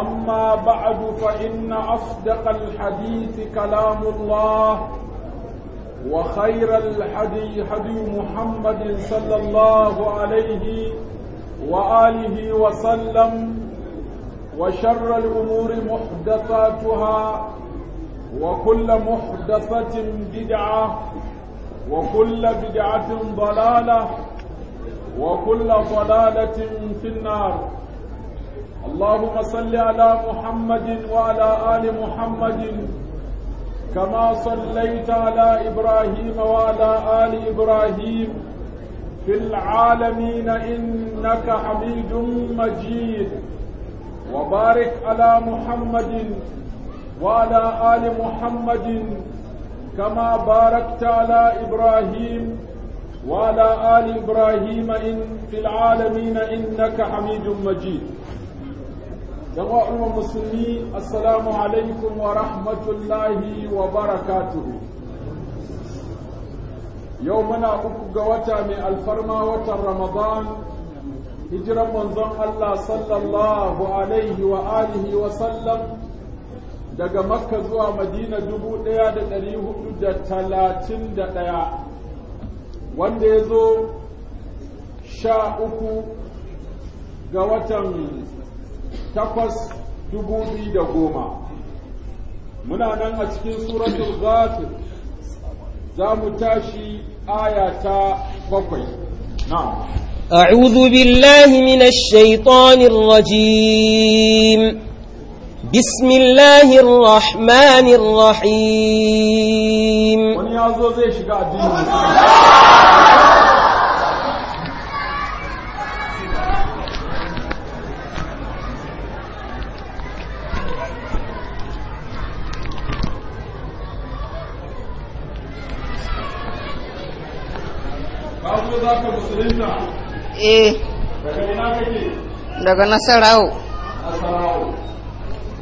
أما بعد فإن أصدق الحديث كلام الله وخير الحدي حدي محمد صلى الله عليه وآله وسلم وشر الأمور محدثاتها وكل محدثة بدعة وكل بدعة ضلالة وكل ضلالة في النار اللهم صل على محمد وعلى آل محمد كما صليت على إبراهيم وعلى آل إبراهيم في العالمين إنك حميد مجيد وبارك على محمد وعلى آل محمد كما باركت على إبراهيم وعلى آل إبراهيم إن في العالمين إنك حميد مجيد jama'a umar musulmi assalamu alaikum wa rahmatullahi wa barakatuhu yau muna uku ga wata mai alfarma watan ramadan hijiran manzon Allah sallallahu alaihi wa alihi wa sallam daga makka zuwa madina dubu ɗaya da ɗari hudu da talatin da ɗaya wanda ya zo sha uku ga watan takwas dubu biyu da goma muna nan a cikin suratul ghafir za mu tashi aya ta bakwai أعوذ بالله من الشيطان الرجيم بسم الله الرحمن الرحيم Eh. daga nasarau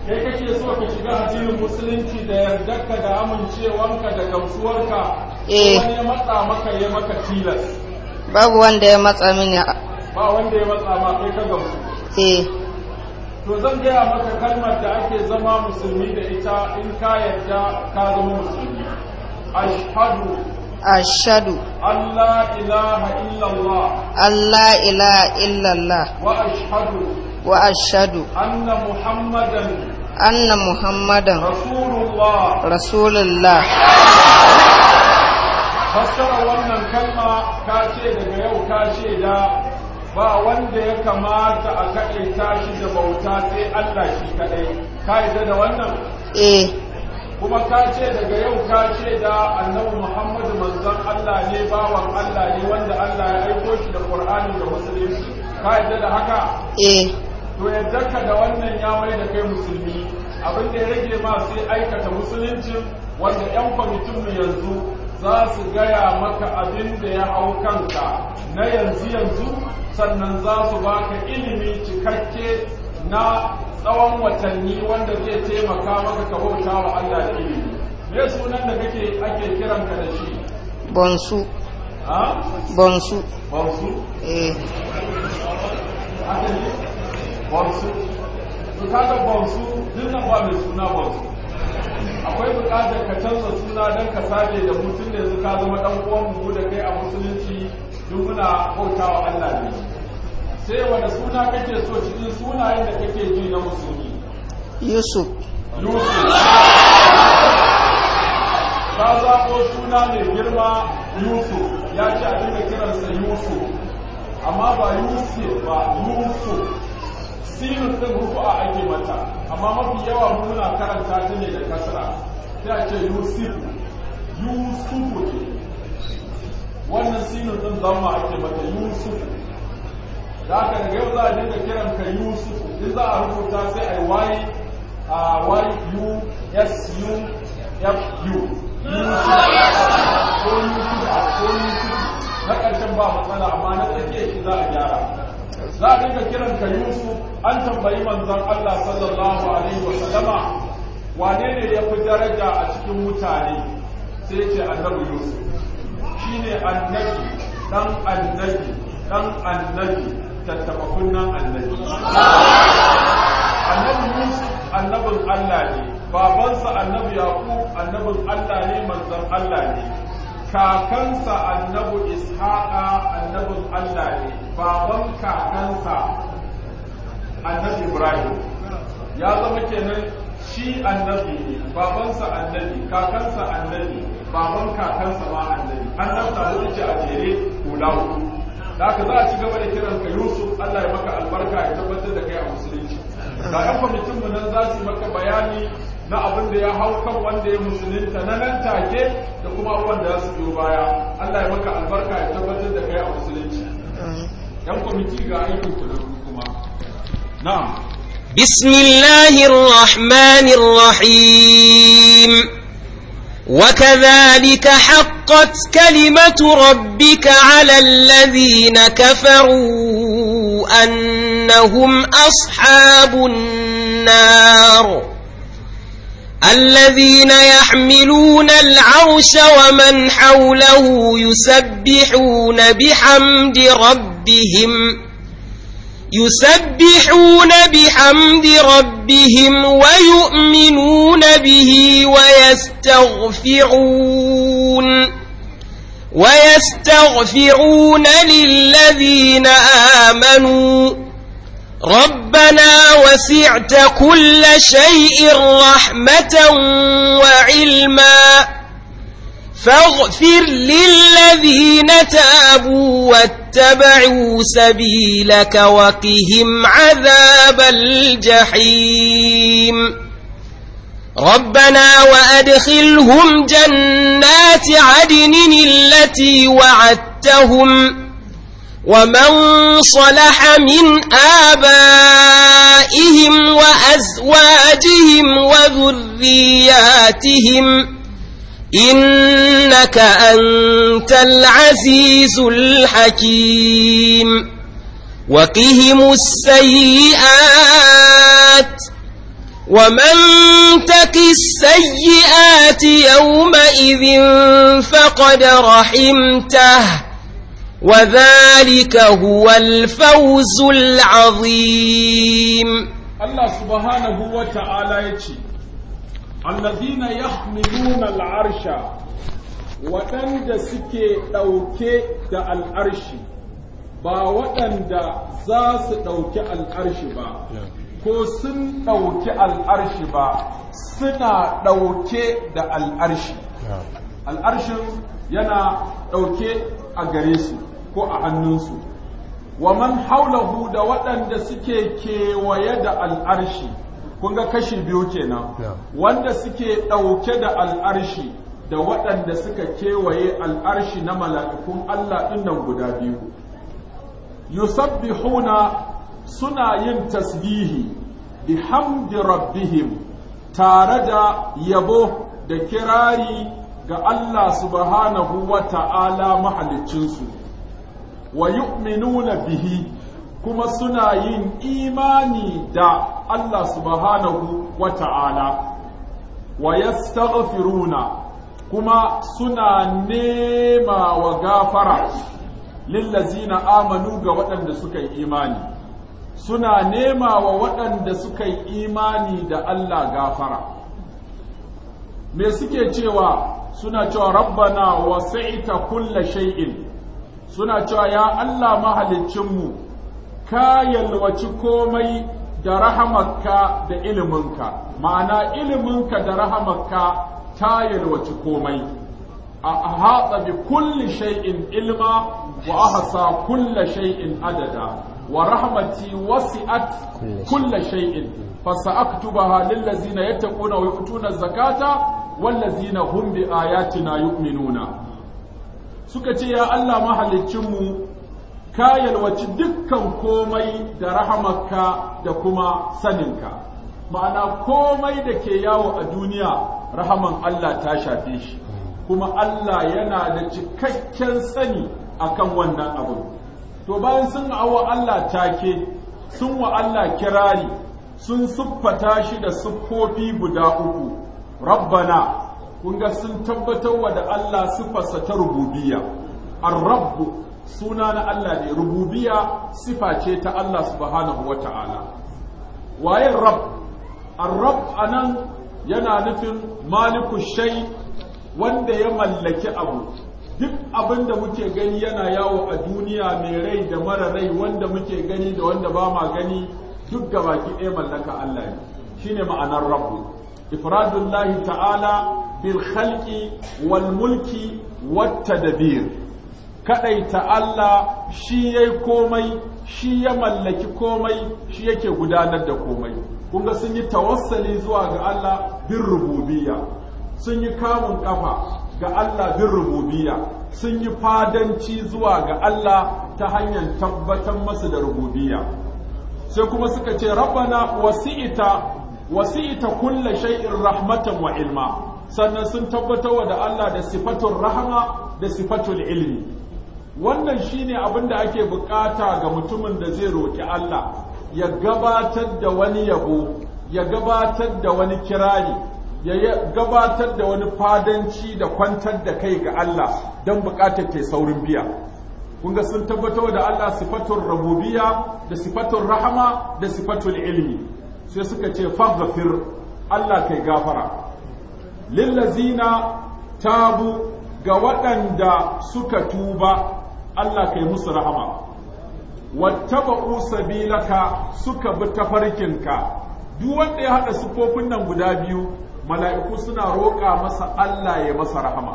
kake so ka shiga addinin musulunci da yardarka da eh. babu wanda ya matsa mini ba wanda ya matsa ma kai ka gamsu eh. to zan gaya maka kalmar da ake zama musulmi da ita in ka yarda ka أشهد أن لا إله إلا الله أن لا إله إلا الله fassara wannan kalma ka ce daga yau ka ce da ba wanda ya kamata a kaɗe tashi da bauta sai Allah shi kaɗai ka yi da wannan? eh kuma ka ce daga yau ka ce da annabi Muhammadu manzon Allah ne bawan Allah ne wanda Allah ya aiko shi da Qur'ani da musulunci ka yadda da haka eh to yadda ka da wannan ya mai da kai musulmi abin da ya rage ma sai aikata musulunci wanda yan kwamitin mu yanzu za su gaya maka abin da ya hau kanka na yanzu yanzu sannan za su baka ilimi cikakke na tsawon watanni wanda zai taimaka maka ka bauta wa Allah da ilimi me sunan da kake ake kiranka da shi bonsu ha bonsu bonsu eh bonsu to kaga bonsu dinnan ba mai suna bonsu akwai bukatar ka canza suna don ka sake da mutum da yanzu ka zama dan uwan mu da kai a musulunci duk muna wa Allah ne sai wani suna kake so cikin sunayen da kake ji na musulmi yusuf yusuf ta zaɓo suna mai girma yusuf ya ce a dinga kiransa yusuf amma ba yusuf ba yusuf sinin ɗin a ake mata amma mafi yawa muna karanta ta ne da kasara ta ce yusuf yusuf ne wannan sinin ɗin zama ake mata yusuf da aka yau za a dinga kiran ka yusuf in za a rubuta sai a yi y u s u f u oh, ko yusuf ko yusuf na ƙarshen ba matsala amma na tsakiyar shi za a gyara za a dinga kiran ka yusuf an tambayi manzon allah sallallahu alaihi wa sallama wane ne ya fi daraja a cikin mutane sai ce annabi yusuf shine annabi dan annabi dan annabi tattabakunnan annabi annabi musa annabin allah ne babansa annabi yaku annabin allah ne manzon allah ne kakansa annabi ishaqa annabin allah ne baban kakansa annabi ibrahim ya zama kenan shi annabi ne babansa annabi kakansa annabi baban kakansa ma annabi annabta wuce a jere hula hudu da haka za a ci gaba da kiran ka Yusuf Allah ya maka albarka ya tabbatar da kai a musulunci ga ƴan kwamitin mu nan za su yi maka bayani na abin da ya hau kan wanda ya musulunta na nan take da kuma abubuwan da su biyo baya Allah ya maka albarka ya tabbatar da kai a musulunci Ƴan kwamiti ga aikin ku nan kuma na'am بسم الله الرحمن الرحيم وكذلك حقت كلمة ربك على الذين كفروا أنهم أصحاب النار الذين يحملون العرش ومن حوله يسبحون بحمد ربهم يسبحون بحمد ربهم ويؤمنون به ويستغفرون ويستغفرون للذين آمنوا ربنا وسعت كل شيء رحمة وعلماً فاغفر للذين تابوا واتبعوا سبيلك وقهم عذاب الجحيم ربنا وأدخلهم جنات عدن التي وعدتهم ومن صلح من آبائهم وأزواجهم وذرياتهم إنك أنت العزيز الحكيم وقهم السيئات ومن تك السيئات يومئذ فقد رحمته وذلك هو الفوز العظيم الله سبحانه وتعالى يتشي allazina yahmiluna al'arsha waɗanda suke ɗauke da al'arshi ba waɗanda za su ɗauki al'arshi ba ko sun ɗauki al'arshi ba suna ɗauke da al'arshi al'arshin yana ɗauke a gare su ko a hannunsu wa man haulahu da waɗanda suke kewaye da al'arshi kun ga kashi biyu kenan wanda suke ɗauke da al'arshi da waɗanda suka kewaye al'arshi na mala'ikun Allah ɗinnan guda biyu yusabbihuna suna yin tasbihi bihamdi rabbihim tare da yabo da kirari ga Allah subhanahu wa ta'ala mahaliccinsu wa yu'minuna bihi kuma suna yin imani da Allah subhanahu wa ta'ala wa yastaghfiruna kuma suna nema wa gafara lillazina amanu ga waɗanda suka yi imani suna nema wa waɗanda suka yi imani da Allah gafara me suke cewa suna cewa rabbana wasa'ita kulla shay'in suna cewa ya Allah mahaliccinmu ka yalwaci komai da rahamarka da iliminka ma'ana iliminka da rahamarka ta yalwaci komai a haɗa bi kulli shay'in ilma wa ahsa kulli shay'in adada wa rahmati wasi'at kulli shay'in lil ladzina yattaquna wa yu'tuna zakata ladzina hum bi ayatina yu'minuna suka ce ya Allah mahaliccinmu ka yalwaci dukkan komai da rahamarka da kuma saninka ma'ana komai da ke yawo a duniya rahaman Allah ta shafe shi kuma Allah yana da cikakken sani akan wannan abu to bayan sun awo Allah take sun wa Allah kirari sun siffata shi da siffofi guda uku rabbana kun ga sun tabbatar wa da Allah siffarsa ta rububiyya ar-rabbu suna na Allah ne rububiya sifa ce ta Allah subhanahu wa ta'ala waye rab ar-rab anan yana nufin maliku shay wanda ya mallaki abu duk abin da muke gani yana yawo a duniya mai rai da mara rai wanda muke gani da wanda ba ma gani duk gabaki ɗaya mallaka Allah ne shine ma'anar rabbu ifradullahi ta'ala bil khalqi wal mulki wat tadbir Kaɗaita Allah shi ya yi komai shi ya mallaki komai shi yake gudanar da komai kun ga sun yi tawassali zuwa ga Allah bin rububiyya sun yi kamun kafa ga Allah bin rububiya, sun yi fadanci zuwa ga Allah ta hanyar tabbatar masa da rububiya. sai kuma suka ce rabbana wasi'ita wasi'ita kulla shay'in rahmatan wa ilma sannan sun tabbatar da Allah da sifatun rahama da sifatun ilmi wannan shine abin da ake bukata ga mutumin da zai roƙi Allah ya gabatar da wani yabo ya gabatar da wani kirari ya gabatar da wani fadanci da kwantar da kai ga Allah don bukatar ta saurin biya Kun ga sun tabbatar da Allah sifatun rububiyya da sifatun rahama da sifatun ilmi sai suka ce faghfir Allah kai gafara lillazina tabu ga waɗanda suka tuba Allah kai musu rahama wattaba'u sabilaka suka bi tafarkinka duk wanda ya hada sufofin nan guda biyu mala'iku suna roƙa masa Allah ya masa rahama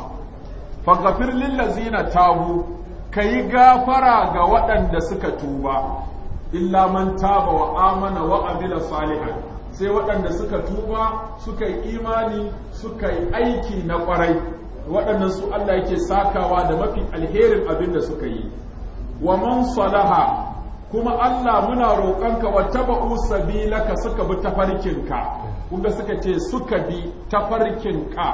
faghfir lil ladzina tabu kai gafara ga waɗanda suka tuba illa man taba wa amana wa amila salihan sai waɗanda suka tuba suka yi imani suka yi aiki na ƙwarai waɗannan su Allah yake sakawa da mafi alherin abin da suka yi wa man salaha kuma Allah muna roƙonka wa taba'u sabilaka suka bi tafarkinka kuma suka ce suka bi tafarkinka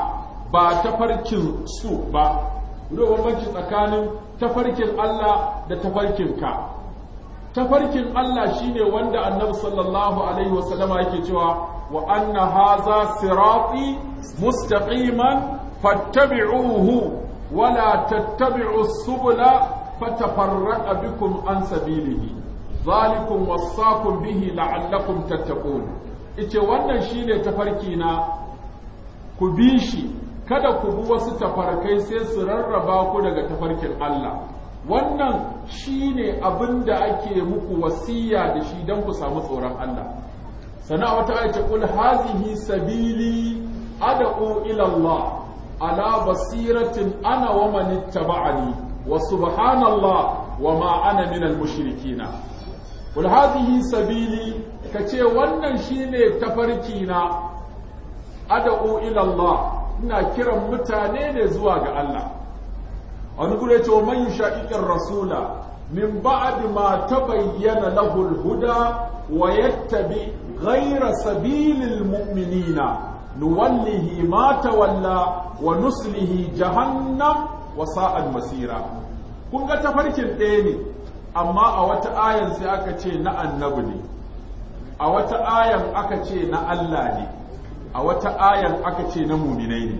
ba tafarkin su ba da bambanci tsakanin tafarkin Allah da tafarkinka tafarkin Allah shine wanda Annabi sallallahu alaihi wasallama yake cewa wa anna haza sirati mustaqiman fattabi'uhu wala tattabi'u subula fatafarraqa bikum an sabilihi zalikum wasaqum bihi la'allakum tattaqun ice wannan shine tafarki na ku bi shi kada ku bi wasu tafarkai sai su rarraba ku daga tafarkin Allah wannan shine abin da ake muku wasiya da shi don ku samu tsoron Allah sana wata aita kul hazihi sabili ad'u ila Allah ala basiratin ana wa man wa subhanallah wa ma ana min al-mushrikina hadhihi sabili kace wannan shine tafarki na ad'u ila Allah ina kiran mutane ne zuwa ga Allah wani gure ce man yushaqiqir rasula min ba'd ma tabayyana lahu al-huda wa yattabi ghayra sabilil mu'minina nuwallihi ma tawalla wa nuslihi jahannam wa sa'ad masira kun ga tafarkin ɗaya ne amma a wata ayan sai aka ce na annabi ne a wata ayan aka ce na Allah ne a wata ayan aka ce na muminai ne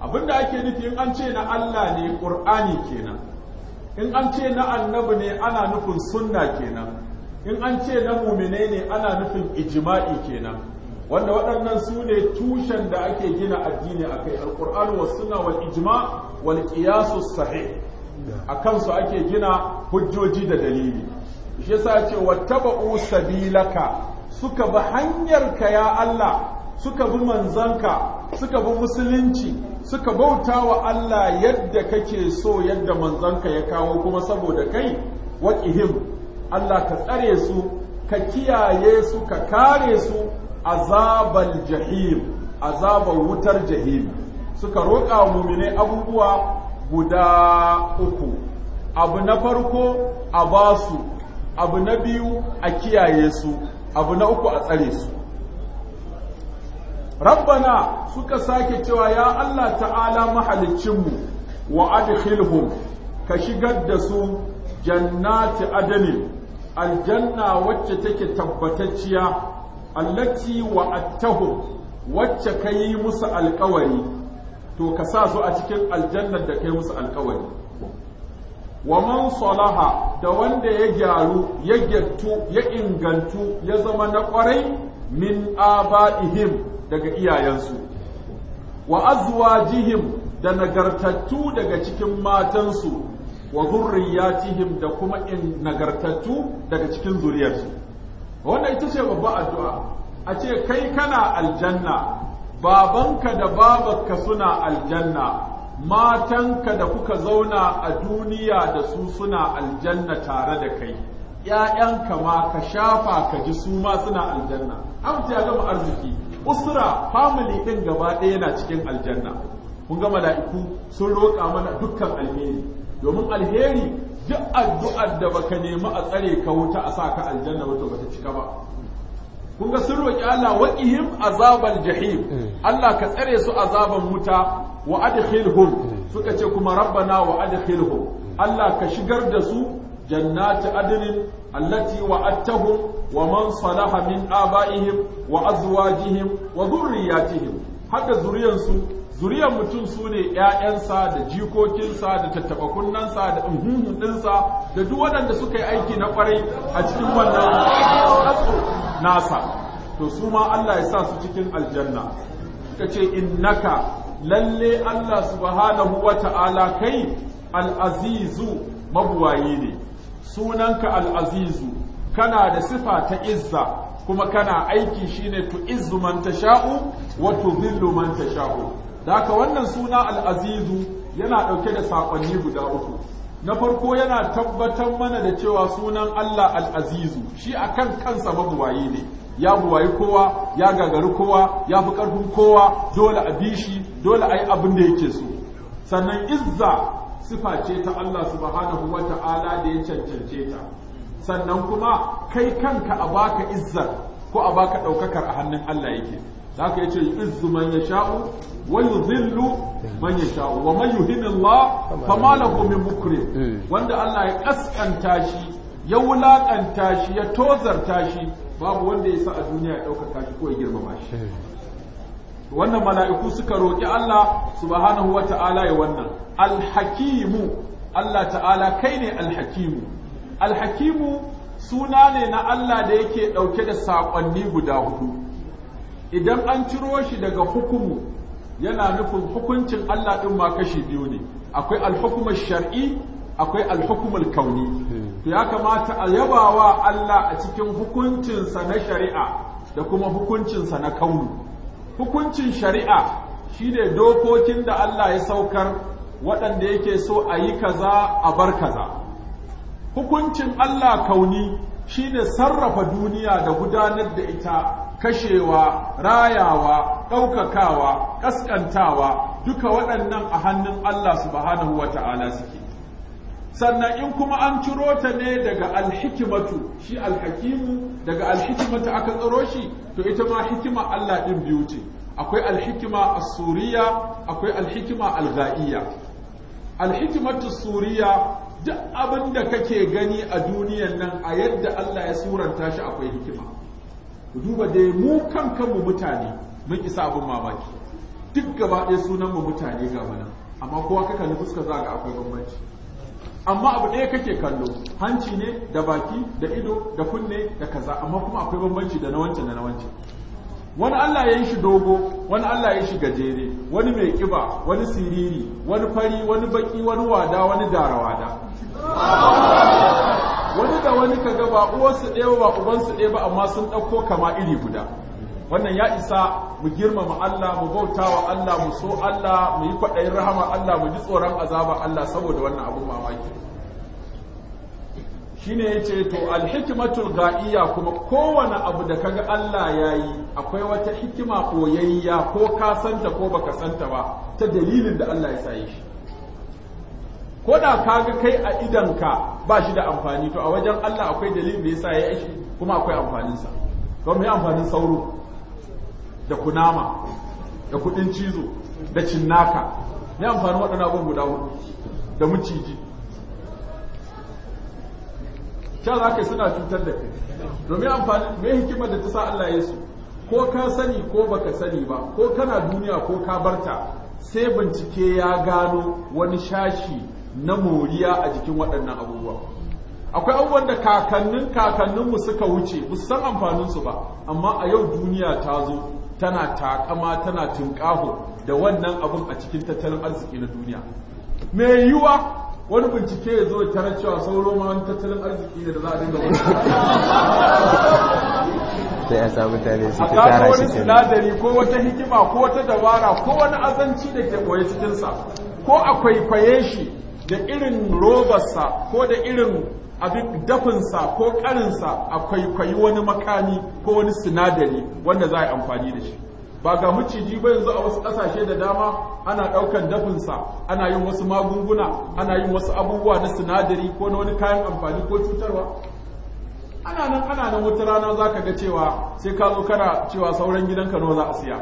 abinda ake nufi in an ce na Allah ne ƙur'ani kenan in an ce na annabi ne ana nufin sunna kenan in an ce na muminai ne ana nufin ijima'i kenan wanda waɗannan su ne tushen da ake gina addini a kai alƙur'an wa suna wa ijma wa ƙiyasu a kansu ake gina hujjoji da dalili shi yasa ce wa wattaba'u sabilaka suka bi hanyarka ya Allah suka bi manzanka suka bi musulunci suka bauta wa Allah yadda kake so yadda manzanka ya kawo kuma saboda kai him, Allah ka tsare su ka kiyaye su ka kare su عذاب الجحيم عذاب wutar جهيم suka roƙa mumine abubuwa guda uku abu na farko a ba su abu na biyu a kiyaye su abu na uku a tsare su rabbana suka sake cewa ya Allah ta'ala mahalicinmu wa adkhilhum ka shigar da su jannati adalin aljanna wacce take tabbatacciya allati attahu wacce ka yi musu alkawari to ka sa su a cikin aljannar da ka yi musu alkawari wa man salaha da wanda ya gyaru ya gyattu ya ingantu ya zama na kwarai min aba'ihim daga iyayensu wa azwajihim da nagartattu daga cikin matansu wa zurriyatihim da kuma nagartattu daga cikin zuriyarsu wannan ita ce babban addu'a a ce kai kana aljanna babanka da babanka suna aljanna matanka da kuka zauna a duniya da su suna aljanna tare da kai ‘ya'yanka ma ka shafa ka ji su ma suna aljanna amince ya gama arziki usra family ɗin gaba ɗaya yana cikin aljanna kun ga mala'iku sun roƙa mana dukkan alheri domin alheri duk addu'ar da baka nemi a tsare ka wuta a sa ka aljanna wato bata cika ba kun ga sun roki Allah waqihim azabal jahim hmm. Allah ka tsare su azaban wuta wa adkhilhum hmm. suka ce kuma rabbana wa adkhilhum hmm. Allah ka shigar da su jannati adnin allati wa'adtahum wa man salaha min abaihim wa azwajihim wa dhurriyyatihim hadda zuriyansu zuriyar mutum su ne ‘ya'yansa da jikokinsa da tattabakunansa da ɗinhuhun ɗinsa da duk waɗanda suka yi aiki na ƙwarai a cikin wannan nasa to su ma Allah ya sa su cikin aljanna suka ce innaka lalle Allah subhanahu wa ta'ala kai al'azizu mabuwaye ne sunanka al'azizu kana da sifa ta izza kuma kana aiki shine tu izzu man tasha'u wa tudhillu man tasha'u Daka wannan suna al'azizu yana ɗauke da saƙonni guda uku. Na farko yana tabbatar mana da cewa sunan Allah al'azizu shi a kan kansa mabuwayi ne, ya buwayi kowa, ya gagari kowa, ya fi ƙarfin kowa, dole a bishi, dole a yi abin da yake so. Sannan izza sifa ce ta Allah subhanahu wa ta'ala da ya cancance ta. Sannan kuma kai kanka a baka izzar ko a baka ɗaukakar a hannun Allah yake. da haka yace izzu man yasha'u wa yudhillu man yasha'u wa man yuhinillah fama lahu min mukrim hmm. wanda Allah ya kaskanta shi ya wulakanta shi ya tozarta shi babu wanda ya sa a duniya ya ɗaukaka shi ko ya girmama shi hmm. wannan mala'iku suka roƙi Allah subhanahu wa ta'ala ya wannan alhakimu Allah ta'ala kai ne alhakimu alhakimu suna ne na Allah da yake ɗauke da saƙonni guda hudu idan an ciro shi daga hukumu yana nufin hukuncin Allah ɗin ma kashi biyu ne akwai alhukumar shari'i, akwai alhukumar kauni to ya kamata a yabawa Allah a cikin hukuncinsa na shari'a da kuma hukuncinsa na kauni hukuncin shari'a shi ne dokokin da Allah ya saukar waɗanda yake so a yi kaza a bar kaza hukuncin Allah kauni shi ne sarrafa duniya da gudanar da ita kashewa rayawa ɗaukakawa ƙasƙantawa duka waɗannan a hannun Allah subhanahu wa ta'ala suke sannan in kuma an ciro ta ne daga alhikimatu shi alhakimu daga alhikimatu aka tsaro shi to ita ma hikima Allah ɗin biyu ce akwai alhikima a suriya akwai alhikima alga'iya alhikimatu suriya duk abin da kake gani a duniyan nan a yadda Allah ya suranta shi akwai hikima ku duba dai mu kan kanmu mutane mun isa abin mamaki duk gaba ɗaya sunan mu mutane ga mana amma kowa ka kalli fuska za ga akwai bambanci amma abu ɗaya kake kallo hanci ne da baki da ido da kunne da kaza amma kuma akwai bambanci da na wancan da na wancan wani Allah ya yi shi dogo wani Allah ya yi shi gajere wani mai ƙiba, wani siriri wani fari wani baki wani wada wani darawada wani da wani ka ga ba uwarsu ɗaya ba ubansu ɗaya ba amma sun ɗauko kama iri guda wannan ya isa mu girmama Allah mu bauta wa Allah mu so Allah mu yi kwaɗayin rahama Allah mu ji tsoron azaba Allah saboda wannan abun mamaki ya ce to alhikimatul ga'iya kuma kowane abu da kaga Allah ya yi akwai wata hikima koyayya ko ka santa ko baka santa ba ta dalilin da Allah ya sayi. shi ko da ka ga kai a idanka ba shi da amfani to a wajen Allah akwai dalilin da yasa ya yi shi kuma akwai amfaninsa don mai amfanin sauro da kunama da kudin cizo da cinnaka mai amfanin waɗannan abubuwan guda hudu da muciji can za ka suna cutar da kai domin amfani mai hikimar da ta sa Allah ya su ko ka sani ko baka sani ba ko kana duniya ko ka barta sai bincike ya gano wani shashi na moriya a jikin waɗannan abubuwa akwai abubuwan da kakannin kakanninmu suka wuce ba san amfaninsu ba amma a yau duniya ta zo tana takama tana tunƙaho da wannan abin a cikin tattalin arziki na duniya mai yiwa wani bincike ya zo tarar cewa sauro ma wani tattalin arziki ne da za a dinga sai a samu tare su ta tara shi kenan a sinadari ko wata hikima ko wata dabara ko wani azanci da ke koye cikinsa ko a kwaikwaye shi da irin robarsa ko da irin abin dafinsa ko karinsa a kwaikwayi wani makami ko wani sinadari wanda za a yi amfani da shi ba ga maciji ba yanzu a wasu ƙasashe da dama ana ɗaukan dafinsa ana yin wasu magunguna ana yin wasu abubuwa na sinadari ko na wani kayan amfani ko cutarwa ana nan ana nan wata rana za ka ga cewa sai ka zo kana cewa sauran gidanka nawa za a siya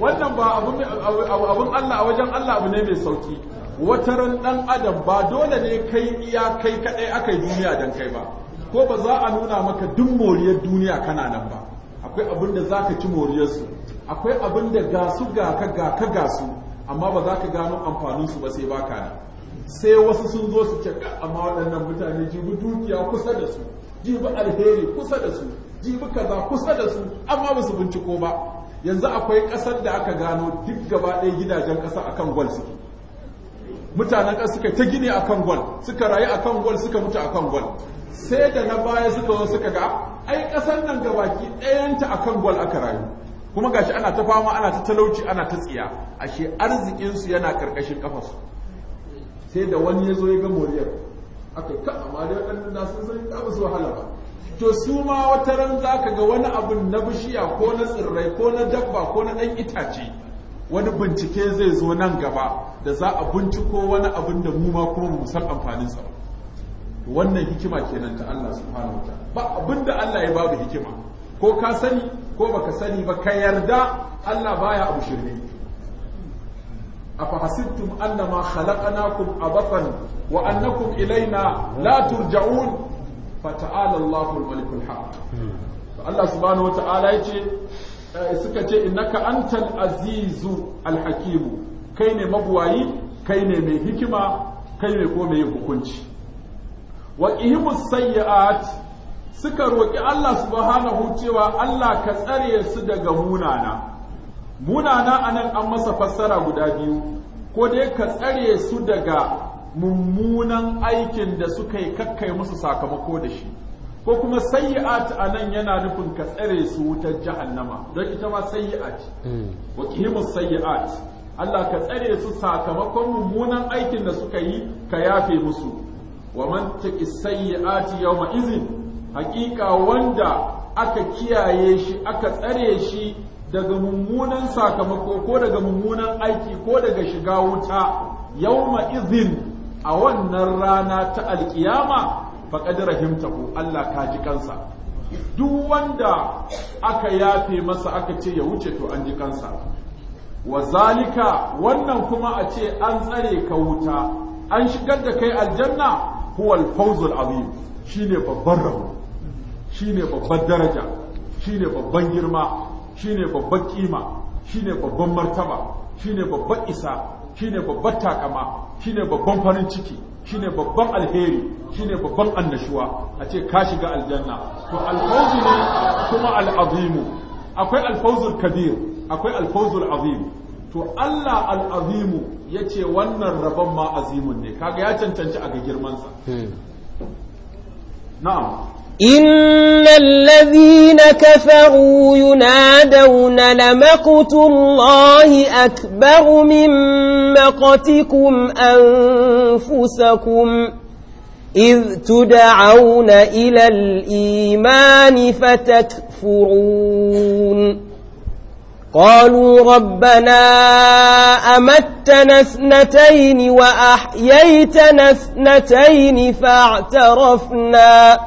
wannan ba abun Allah a wajen Allah abu ne mai sauki wataran ɗan adam ba dole ne kai iya kai kaɗai aka yi duniya don kai ba ko ba za a nuna maka duk moriyar duniya kana nan ba akwai abin da za ka ci moriyarsu akwai abin da ga su ga ka ga ka ga su amma ba za ka gano su ba sai baka ne sai wasu sun zo su ce amma waɗannan mutane jibi dukiya kusa da su jibi alheri kusa da su jibi kaza kusa da su amma ba su binciko ba yanzu akwai ƙasar da aka gano duk gaba ɗaya gidajen ƙasa akan gwal suke mutanen ƙasa suka ta gini a kan gwal suka rayu a kan gwal suka mutu a kan gwal sai da na baya suka zo suka ga ai ƙasar nan ga baki ɗayanta a kan gwal aka rayu kuma gashi ana ta fama ana ta talauci ana ta tsiya ashe arzikinsu yana ƙarƙashin ƙafasu sai da wani ya zo ya ga moriyar aka ka amma dai waɗannan na sun san ta musu wahala ba to su ma wata ran za ga wani abu na bishiya ko na tsirrai ko na dabba ko na ɗan itace wani bincike zai zo nan gaba da za a binciko wani abin da mu ma kuma mu san amfanin sa wannan hikima kenan ta Allah subhanahu wataala ba abin da Allah ya babu hikima ko ka sani ko baka sani ba ka yarda Allah baya abu shirme أفحسبتم أنما خلقناكم أبطا وأنكم إلينا لا ترجعون فتعالى الله الملك الحق فالله سبحانه وتعالى ce. Eh, suka ce innaka antal azizu alhakimu kai ne mabuwayi kai ne mai hikima kai ne ko mai hukunci wa ihimus sayyi'at suka roki Allah subhanahu cewa Allah ka tsare su daga munana munana anan an masa fassara guda biyu ko dai ka tsare su daga mummunan aikin da suka yi kakkai musu sakamako da shi ko kuma sayyi'at a nan yana nufin ka tsare su wutar jahannama don ita ma sayyi'at hmm. wa qihimus sayyi'at Allah ka tsare su sakamakon mummunan aikin da suka yi ka yafe musu wa man taqi sayyi'ati yawma izin Haƙiƙa wanda aka kiyaye shi aka tsare shi daga mummunan sakamako ko daga mummunan aiki ko daga shiga wuta yawma izin a wannan rana ta alkiyama faqad rahimtahu Allah ka ji kansa duk wanda aka yafe masa aka ce ya wuce to an ji kansa wa zalika wannan kuma a ce an tsare ka wuta an shigar da kai aljanna huwal fawzul azim shine babban rabo shine babbar daraja shine babban girma shine babban kima shine babban martaba shine babban isa shine babban takama shine babban farin ciki shine babban alheri shine babban annashuwa a ce ka shiga aljanna to alfawzu ne kuma al'azimu akwai alfawzul kabir akwai alfawzul azim to Allah al'azimu ya ce wannan rabon ma azimun ne kaga ya cancanci a ga girmansa hmm. na'am إن الذين كفروا ينادون لمقت الله أكبر من مقتكم أنفسكم إذ تدعون إلى الإيمان فتكفرون قالوا ربنا أمتنا اثنتين وأحييتنا اثنتين فاعترفنا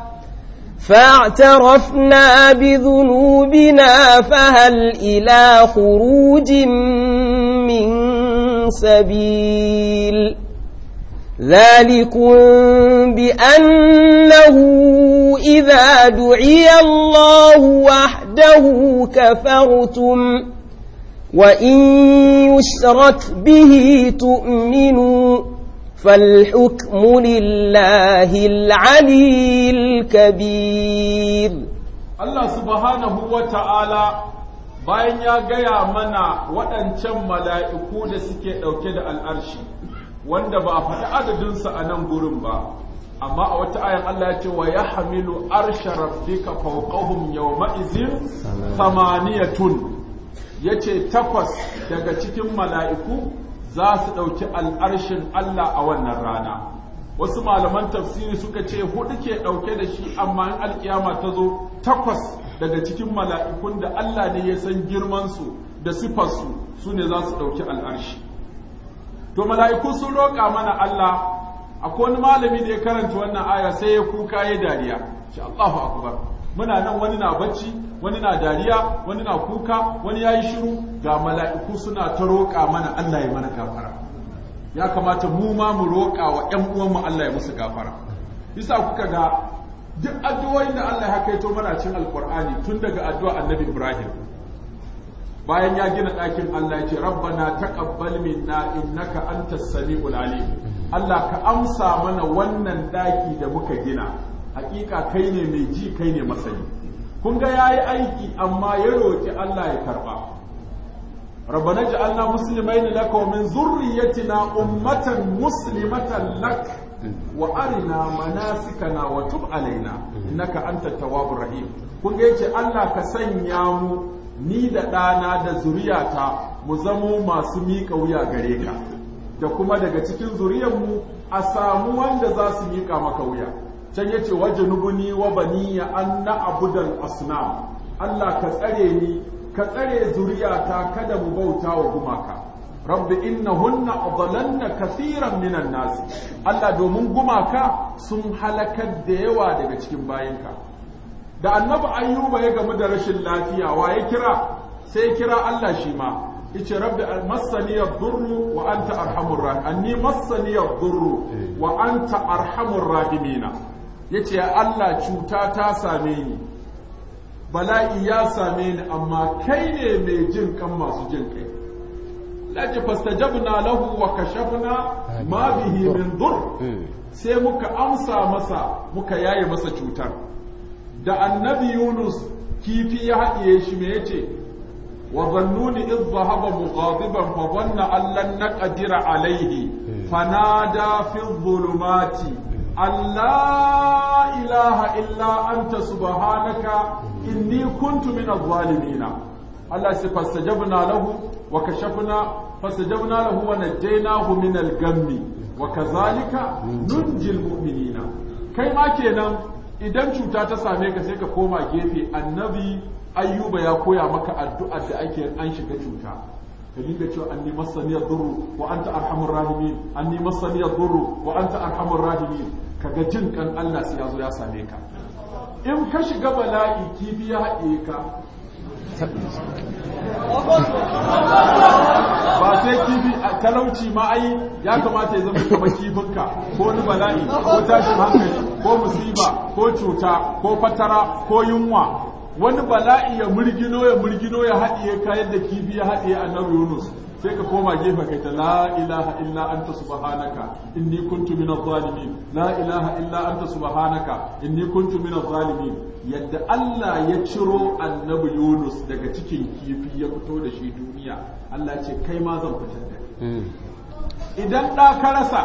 فاعترفنا بذنوبنا فهل إلى خروج من سبيل ذلكم بأنه إذا دعي الله وحده كفرتم وإن يشرك به تؤمنون فالحكم لله العلي الكبير الله سبحانه وتعالى bayan ya gaya mana waɗancan mala'iku da suke ɗauke da al'arshi wanda ba a faɗi adadinsu a nan gurin ba amma a wata ayan Allah ya ce wa ya hamilu arsha rabbika fawqahum yawma izin samaniyatun yace takwas daga cikin mala'iku za su ɗauki al'arshin Allah a wannan rana wasu malaman tafsiri suka ce hudu ke ɗauke da shi amma in alkiyama ta zo takwas daga cikin mala'ikun da Allah ne ya san girmansu da sifarsu su ne za su ɗauki al'arshi to mala'iku sun roƙa mana Allah akwai wani malami da ya karanta wannan aya sai ya kuka ya dariya shi Allahu akbar muna nan wani na bacci wani na dariya wani na kuka wani ya yi shiru ga mala'iku suna ta roƙa mana Allah ya mana gafara ya kamata mu ma mu roƙa wa ƴan uwan mu Allah ya musu gafara bisa kuka ga duk addu'o'in da Allah ya kaito mana cin alqur'ani tun daga addu'a annabi Ibrahim bayan ya gina ɗakin Allah ya ce rabbana taqabbal minna innaka antas samiul alim Allah ka amsa mana wannan ɗaki da muka gina hakika kai ne mai ji kai ne masani kun ga yi aiki amma ya roki Allah ya karɓa rabbana ja'alna ne laka wa min na ummatan muslimatan lak wa arina manasikana wa tub alaina innaka antat tawwabur rahim kun ga yace Allah ka sanya mu ni da ɗana da zuriyata mu zamo masu miƙa wuya gare ka da kuma daga cikin zuriyarmu a samu wanda za su miƙa maka wuya can yace nubuni wa bani an abudan asnam Allah ka tsare ni ka tsare zuriya ta kada mu bauta wa gumaka rabbi hunna adalanna kathiran minan nasi Allah domin gumaka sun halakar da yawa daga cikin bayinka da annabi ayyuba ya gamu da rashin lafiya wa ya kira sai ya kira Allah shi ma yace rabbi massani yadurru wa anta arhamur rahimin anni massani yadurru wa anta arhamur rahimina ya ce Allah cuta ta same ni bala'i ya same ni amma kai ne mai jin kan masu jin kai laji fastajabna lahu wa kashafna ma bihi min dur sai muka amsa masa muka yaye masa cutar da annabi yunus kifi ya haɗiye shi me yace wa zannuni mu dhahaba mughadiban fa dhanna an lan naqdira alayhi fanada fi dhulumati Allah ilaha illa anta subhanaka inni kuntu min adh-dhalimin Allah sai fasajabna lahu wa kashafna fasajabna lahu wa najjaynahu min al-gammi wa kazalika nunjil mu'minina kai ma kenan idan cuta ta same ka sai ka koma gefe annabi ayyuba ya koya maka addu'ar da ake an shiga cuta ka dinga cewa anni masani yadurru wa anta arhamur rahimin anni masani yadurru wa anta arhamur rahimin kaga jin kan Allah sai ya zo ya same ka in ka shiga bala'i kibi ya haɗe ka ba sai kibi a talauci ma ai ya kamata ya zama kamar kibinka ko wani bala'i ko tashin hankali ko musiba ko cuta ko fatara ko yunwa wani bala'i ya murgino ya murgino ya haɗiye kayan da kifi ya haɗiye nan Yunus sai ka koma gefe kai ta la ilaha illa anta subhanaka inni kuntu min adh-dhalimin la ilaha illa anta subhanaka inni kuntu min adh-dhalimin yadda Allah ya ciro annabi Yunus daga cikin kifi ya fito da shi duniya Allah ce kai ma zan fitar da hmm. idan ɗa ka rasa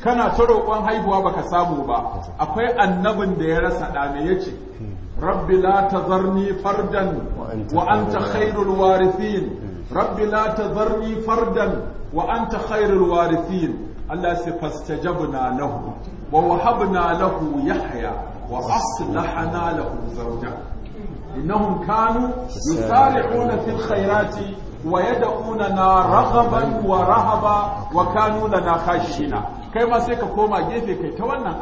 kana ta roƙon haihuwa baka samu ba akwai annabin da ya rasa da me ce. Hmm. rabbi la tazarni fardan wa anta khairul warithin rabbi la tazarni fardan wa lahu wa wahabna lahu yahya wa aslahna lahu zawja innahum kanu yusari'una fil khairati wa yad'unana raghaban wa rahaba wa kanu lana khashina kai ma sai ka koma gefe kai ta wannan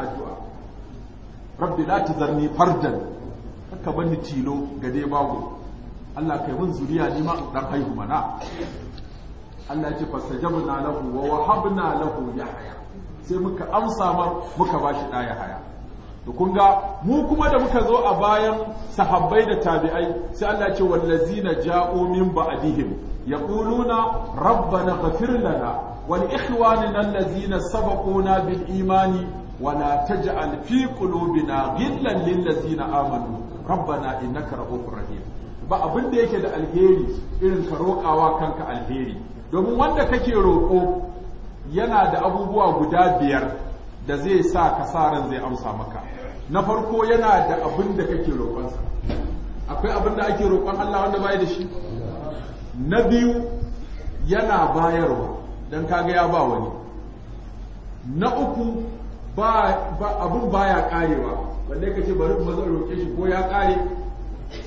ka bani tilo ga dai babu Allah kai mun zuriya ni ma dan haihu mana Allah ya ce fastajabna lahu wa wahabna lahu yahya sai muka amsa ma muka bashi da yahya to kun ga mu kuma da muka zo a bayan sahabbai da tabi'ai sai Allah ya ce wallazina ja'u min ba'dihim yaquluna rabbana ghfir lana ولإخواننا imani, سبقونا بالإيمان ولا تجعل في قلوبنا غلا للذين آمنوا rabbana innaka ra'ufur rahim ba abin da yake da alheri irin ka roƙawa kanka alheri domin wanda kake roƙo yana da abubuwa guda biyar da zai sa kasaran zai amsa maka na farko yana da abin da kake roƙonsa akwai abin da ake roƙon Allah wanda bai da shi na biyu yana bayarwa dan kaga ya ba wani na uku abin baya karewa wanda ka ce bari in maza roƙe shi ko ya ƙare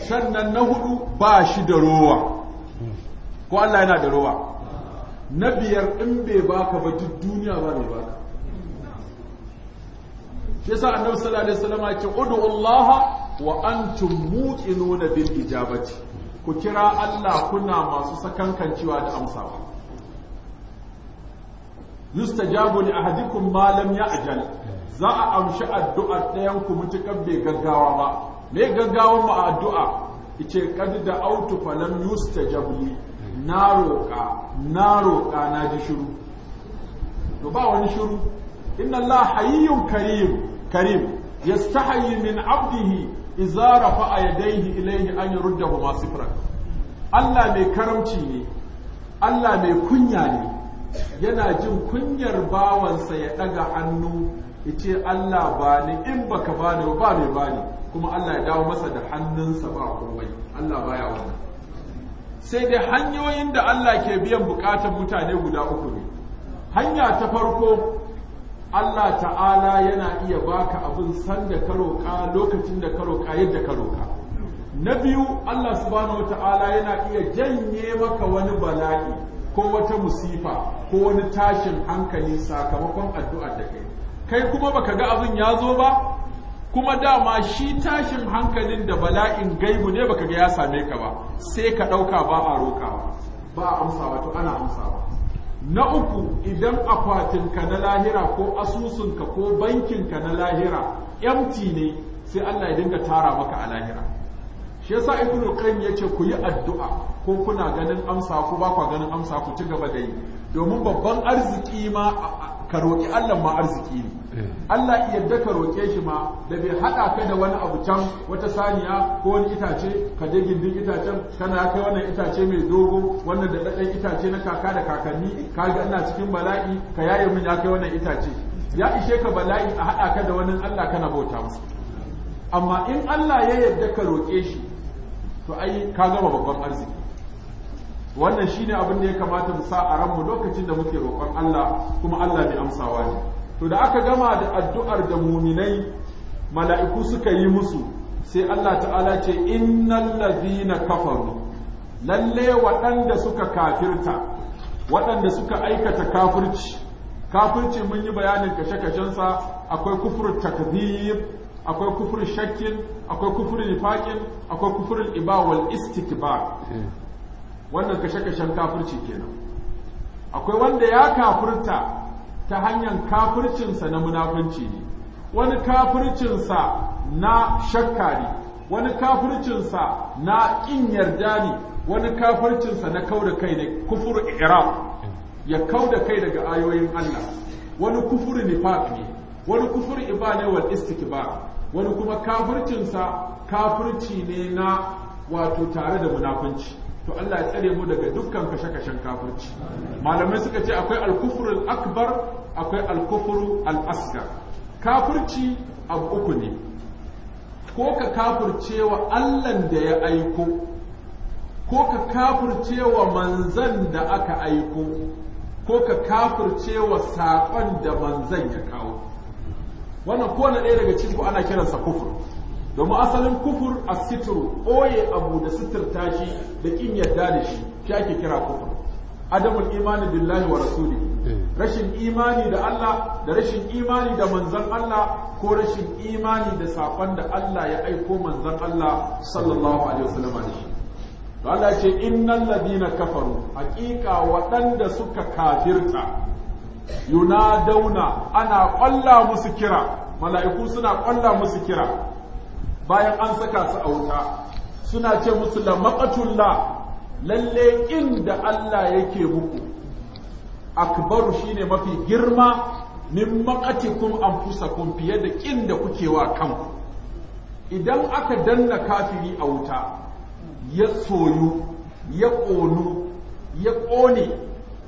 sannan na hudu ba shi da rowa ko Allah yana da rowa na biyar in bai baka ba duk duniya ba mai baka shi yasa annabi sallallahu alaihi wasallam ya ce ud'u Allah wa antum muqinuna bil ijabati ku kira Allah kuna masu sakankancewa da amsawa yustajabu li ahadikum ma lam ya'jal za a amshi addu'a ɗayan ku mutukar bai gaggawa ba mai gaggawa mu addu'a ice kadu da autu falam yustajab na roƙa na roƙa na ji shiru to ba wani shiru inna Allah hayyun karim karim yastahi min abdihi idza rafa'a yadayhi ilaihi an yurdahu masu sifran Allah mai karamci ne Allah mai kunya ne yana jin kunyar bawansa ya ɗaga hannu ce Allah ba ni in baka bani ba mai bani kuma Allah ya dawo masa da hannunsa ba komai Allah baya wannan sai dai hanyoyin da Allah ke biyan bukatar mutane guda uku ne hanya ta farko Allah ta'ala yana iya baka abin sanda ka roƙa lokacin da ka roƙa yadda ka roƙa na biyu Allah subhanahu ta'ala yana iya janye maka wani bala'i ko wata musifa ko wani tashin hankali sakamakon addu'ar da kai kai kuma baka ga abin ya zo ba kuma dama shi tashin hankalin da bala'in gaibu ne baka ga ya same ka ba sai ka ɗauka ba a rokawa ba a amsawa to ana amsawa na uku idan akwatinka na lahira ko asusunka ko bankinka na lahira empty ne sai Allah ya dinga tara maka a lahira shi yasa ibnu qayyim yace ku yi addu'a ko kuna ganin amsa ku ba ku ganin amsa ku ci gaba da yi domin babban arziki ma ka roƙi Allah ma arziki ne eh. Allah yadda ka roƙe shi ma da bai haɗa ka da wani abu can wata saniya ko wani itace ka je gindin itacen kana kai wannan itace mai dogo wannan da ɗaɗɗan itace na kaka da kakanni ka ga ina cikin bala'i ka yaye min ya kai wannan itace ya ishe ka bala'i a haɗa ka da wani Allah kana bauta masa amma in Allah ya yarda ka roƙe shi to ai ka gama babban arziki wannan shi ne abin da ya kamata mu sa a ranmu lokacin da muke roƙon Allah kuma Allah mai amsawa ne to da aka gama da addu'ar da muminai mala'iku suka yi musu sai Allah ta'ala ce innal ladina kafaru lalle waɗanda suka kafirta waɗanda suka aikata kafirci kafirci mun yi bayanin kashe sa, akwai kufur takzib akwai kufurin shakkin akwai kufurin nifaƙin akwai kufurin ibawal wal istikbar hmm. wannan kashe-kashen kafirci kenan akwai wanda ya kafirta ta hanyar kafircinsa na munafunci ne wani kafircinsa na shakka ne wani kafircinsa na ƙin yarda ne wani kafircinsa na kau da kai ne kufur iraq ya kau da kai daga ayoyin Allah wani kufur nifaq ne wani kufur ibane wal istikba wani kuma kafircinsa kafirci ne na wato tare da munafunci to Allah ya tsare mu daga dukkan kashe-kashen kafirci malamai suka ce akwai alkufrul akbar akwai al-kufru al Kafurci kafirci abu uku ne ko ka kafircewa Allahn da ya aiko ko ka kafircewa manzan da aka aiko ko ka kafircewa saƙon da manzan ya kawo wannan kowane ɗaya daga cikin ana kiransa kufur domin asalin kufur a situru ɓoye abu da suturta tashi, da ƙin yarda da shi shi ake kira kufur adamul imani billahi wa rasuli eh. rashin imani da Allah da rashin imani da manzon Allah ko rashin imani da saƙon da Allah ya aiko manzon Allah sallallahu alaihi wasallam da shi to Allah ce innal ladina kafaru Hakika waɗanda suka kafirta dauna ana ƙwalla musu kira mala'iku suna ƙwalla musu kira bayan an saka su a wuta suna ce musu lamaqatullah lalle inda Allah yake muku akbaru shine mafi girma min maqatikum anfusakum fiye da ƙin da kuke wa kanku idan aka danna kafiri a wuta ya soyu ya ƙonu ya ƙone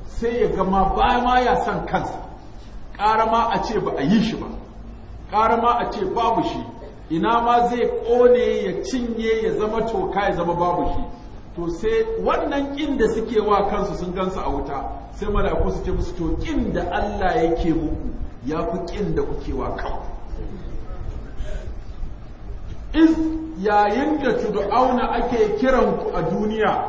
sai ya gama ba ma ya san kansa ƙara ma a ce ba a yi shi ba ƙara ma a ce babu shi ina ma zai ƙone ya cinye ya zama toka ya zama babu shi to sai wannan ƙin da suke wa kansu sun gansu a wuta sai malaku su ce musu to ƙin da Allah yake muku ya fi ƙin da kuke wa kanku is yayin da tudu'auna ake kiran ku a duniya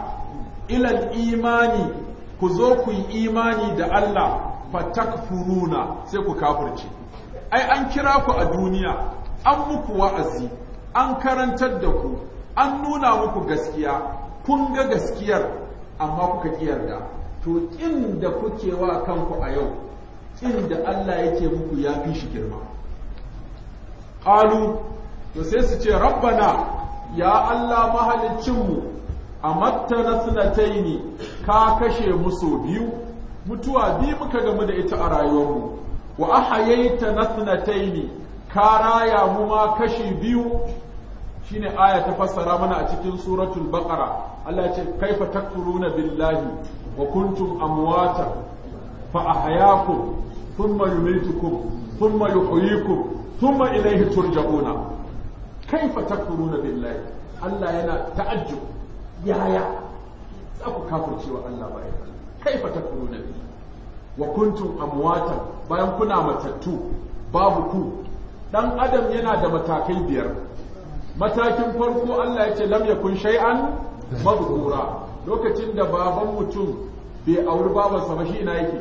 ilan imani ku zo ku yi imani da Allah fatakfuruna sai ku kafirce ai an kira ku a duniya an muku wa'azi an karantar da ku an nuna muku gaskiya kun ga gaskiyar amma kuka da. to kin da kuke wa kanku a yau kin da Allah yake muku ya fi shi girma ƙalu to sai su ce rabbana ya Allah mahaliccinmu amattana ne ka kashe mu sau biyu mutuwa biyu muka gamu da ita a rayuwarmu wa ahayaita na ne? ka raya mu ma kashi biyu shine aya ta fassara mana a cikin suratul baqara Allah ya ce kaifa takfuruna billahi wa kuntum amwata fa ahyaakum thumma yumitukum thumma yuhyikum thumma ilayhi turja'una kaifa takfuruna billahi Allah yana ta'ajjub yaya za ku wa Allah ba kaifa takfuruna billahi wa kuntum amwata bayan kuna matattu babu ku dan adam yana da matakai biyar matakin farko Allah ya ce lam yakun shay'an madhura lokacin da baban mutum bai auri babansa ba shi ina yake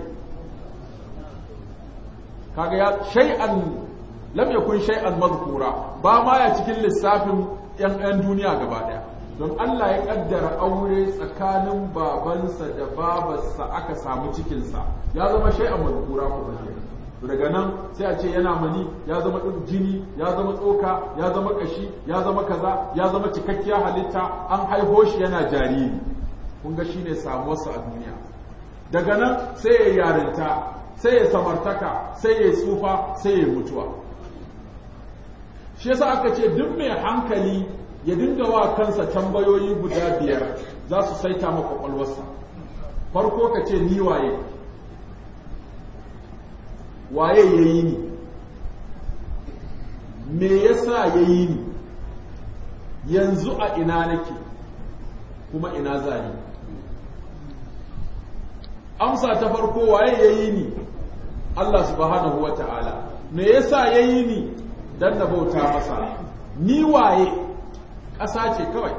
kaga ya shay'an lam yakun shay'an ba ma ya cikin lissafin yan yan duniya gaba daya don Allah ya kaddara aure tsakanin babansa da babarsa aka samu cikinsa ya zama shay'an madhkura ko ba to daga nan sai a ce yana mani ya zama jini ya zama tsoka ya zama kashi ya zama kaza ya zama cikakkiya halitta an haiho shi yana jariri kun ga shine samuwarsa a duniya daga nan sai ya yarinta sai ya samartaka sai ya tsufa sai ya mutuwa shi yasa aka ce duk mai hankali ya dinga wa kansa tambayoyi guda biyar za su saita ma kwakwalwarsa farko ka ce ni waye waye ya yi ni me ya sa ya yi ni yanzu a ina nake kuma ina zane amsa ta farko waye ya yi ni Allah subhanahu wa ta'ala me ya sa ya yi ni don na bauta masa ni waye ƙasa ce kawai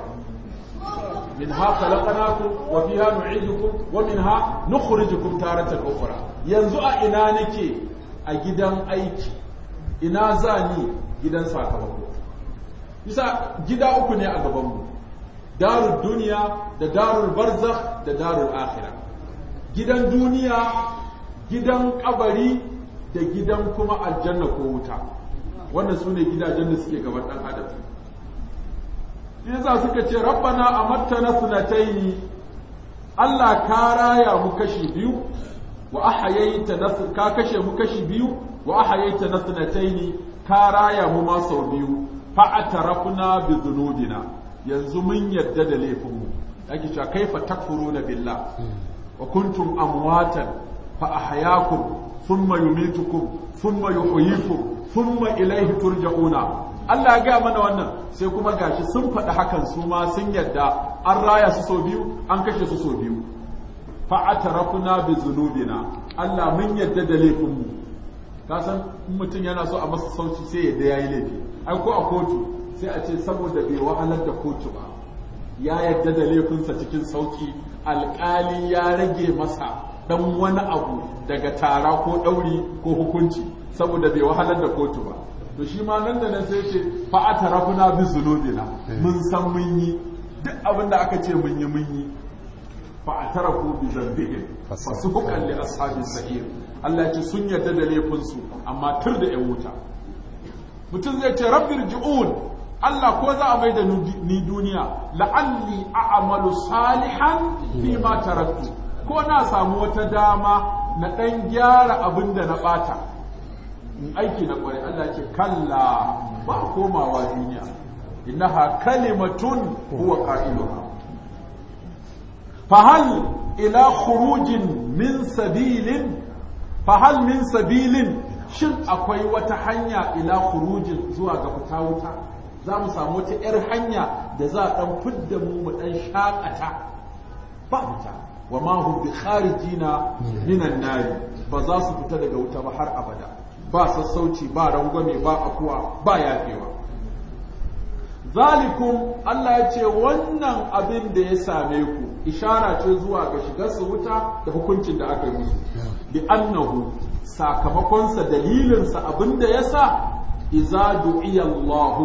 min ha khalaqnakum wa fiha nu'idukum wa minha nukhrijukum taratan ukhra yanzu a ina nake a gidan aiki ina za ni gidan sakamako bisa gida uku ne a gabanmu darul duniya da darul barzakh da darul akhira gidan duniya gidan kabari da gidan kuma aljanna ko wuta wannan su ne gidajen da suke gaban ɗan adam yasa suka ce rabbana amartana sunataini Allah ka raya mu kashi biyu wa ahayaita nafs ka kashe mu kashi biyu wa ahayaita nafnataini ka raya mu ma sau biyu fa atarafna bi dhunubina yanzu mun yadda da laifin mu ake cewa kaifa takfuruna billah wa kuntum amwatan fa ahyakum thumma yumitukum thumma yuhyikum thumma ilayhi turja'una Allah ya gaya mana wannan sai kuma gashi sun faɗi hakan su ma sun yadda an raya su sau biyu an kashe su sau biyu fa'atarafna bi zunubina Allah mun yadda da laifinmu ka san mutum yana so a masa sauci sai yadda ya yi laifi ai ko a kotu sai a ce saboda bai wahalar da kotu ba ya yadda da laifinsa cikin sauki alƙali ya rage masa dan wani abu daga tara ko ɗauri ko hukunci saboda bai wahalar da kotu ba to shi ma nan da nan sai ce tarafuna bi zunubina eh. mun san mun yi duk abin da aka ce mun yi mun yi fa'ataraku bi su fasuhuqan da ashabin sa'ir Allah ce sun yarda da laifinsu, amma tur da yan wuta mutum zai ce rabbir ji'un Allah ko za a mai da ni duniya la'alli a'malu salihan fi ma taraktu ko na samu wata dama na ɗan gyara abin da na ɓata. in aiki na ƙwarai Allah ce kalla ba komawa duniya innaha kalimatun huwa qailuha fahal ila khurujin min sabilin fahal min sabilin shin akwai wata hanya ila khurujin zuwa ga fita wuta za mu samu wata 'yar hanya da za a ɗan fidda mu mu ɗan shaƙata ba wuta wa ma hum bi kharijina minan nari ba za su fita daga wuta ba har abada ba sassauci ba rangwame ba akuwa ba yafewa zalikum Allah ya ce wannan abin da ya same ku ishara ce zuwa ga shigar su wuta da hukuncin da aka yi musu bi annahu sakamakonsa dalilinsa abin da ya sa iza du'iya Allah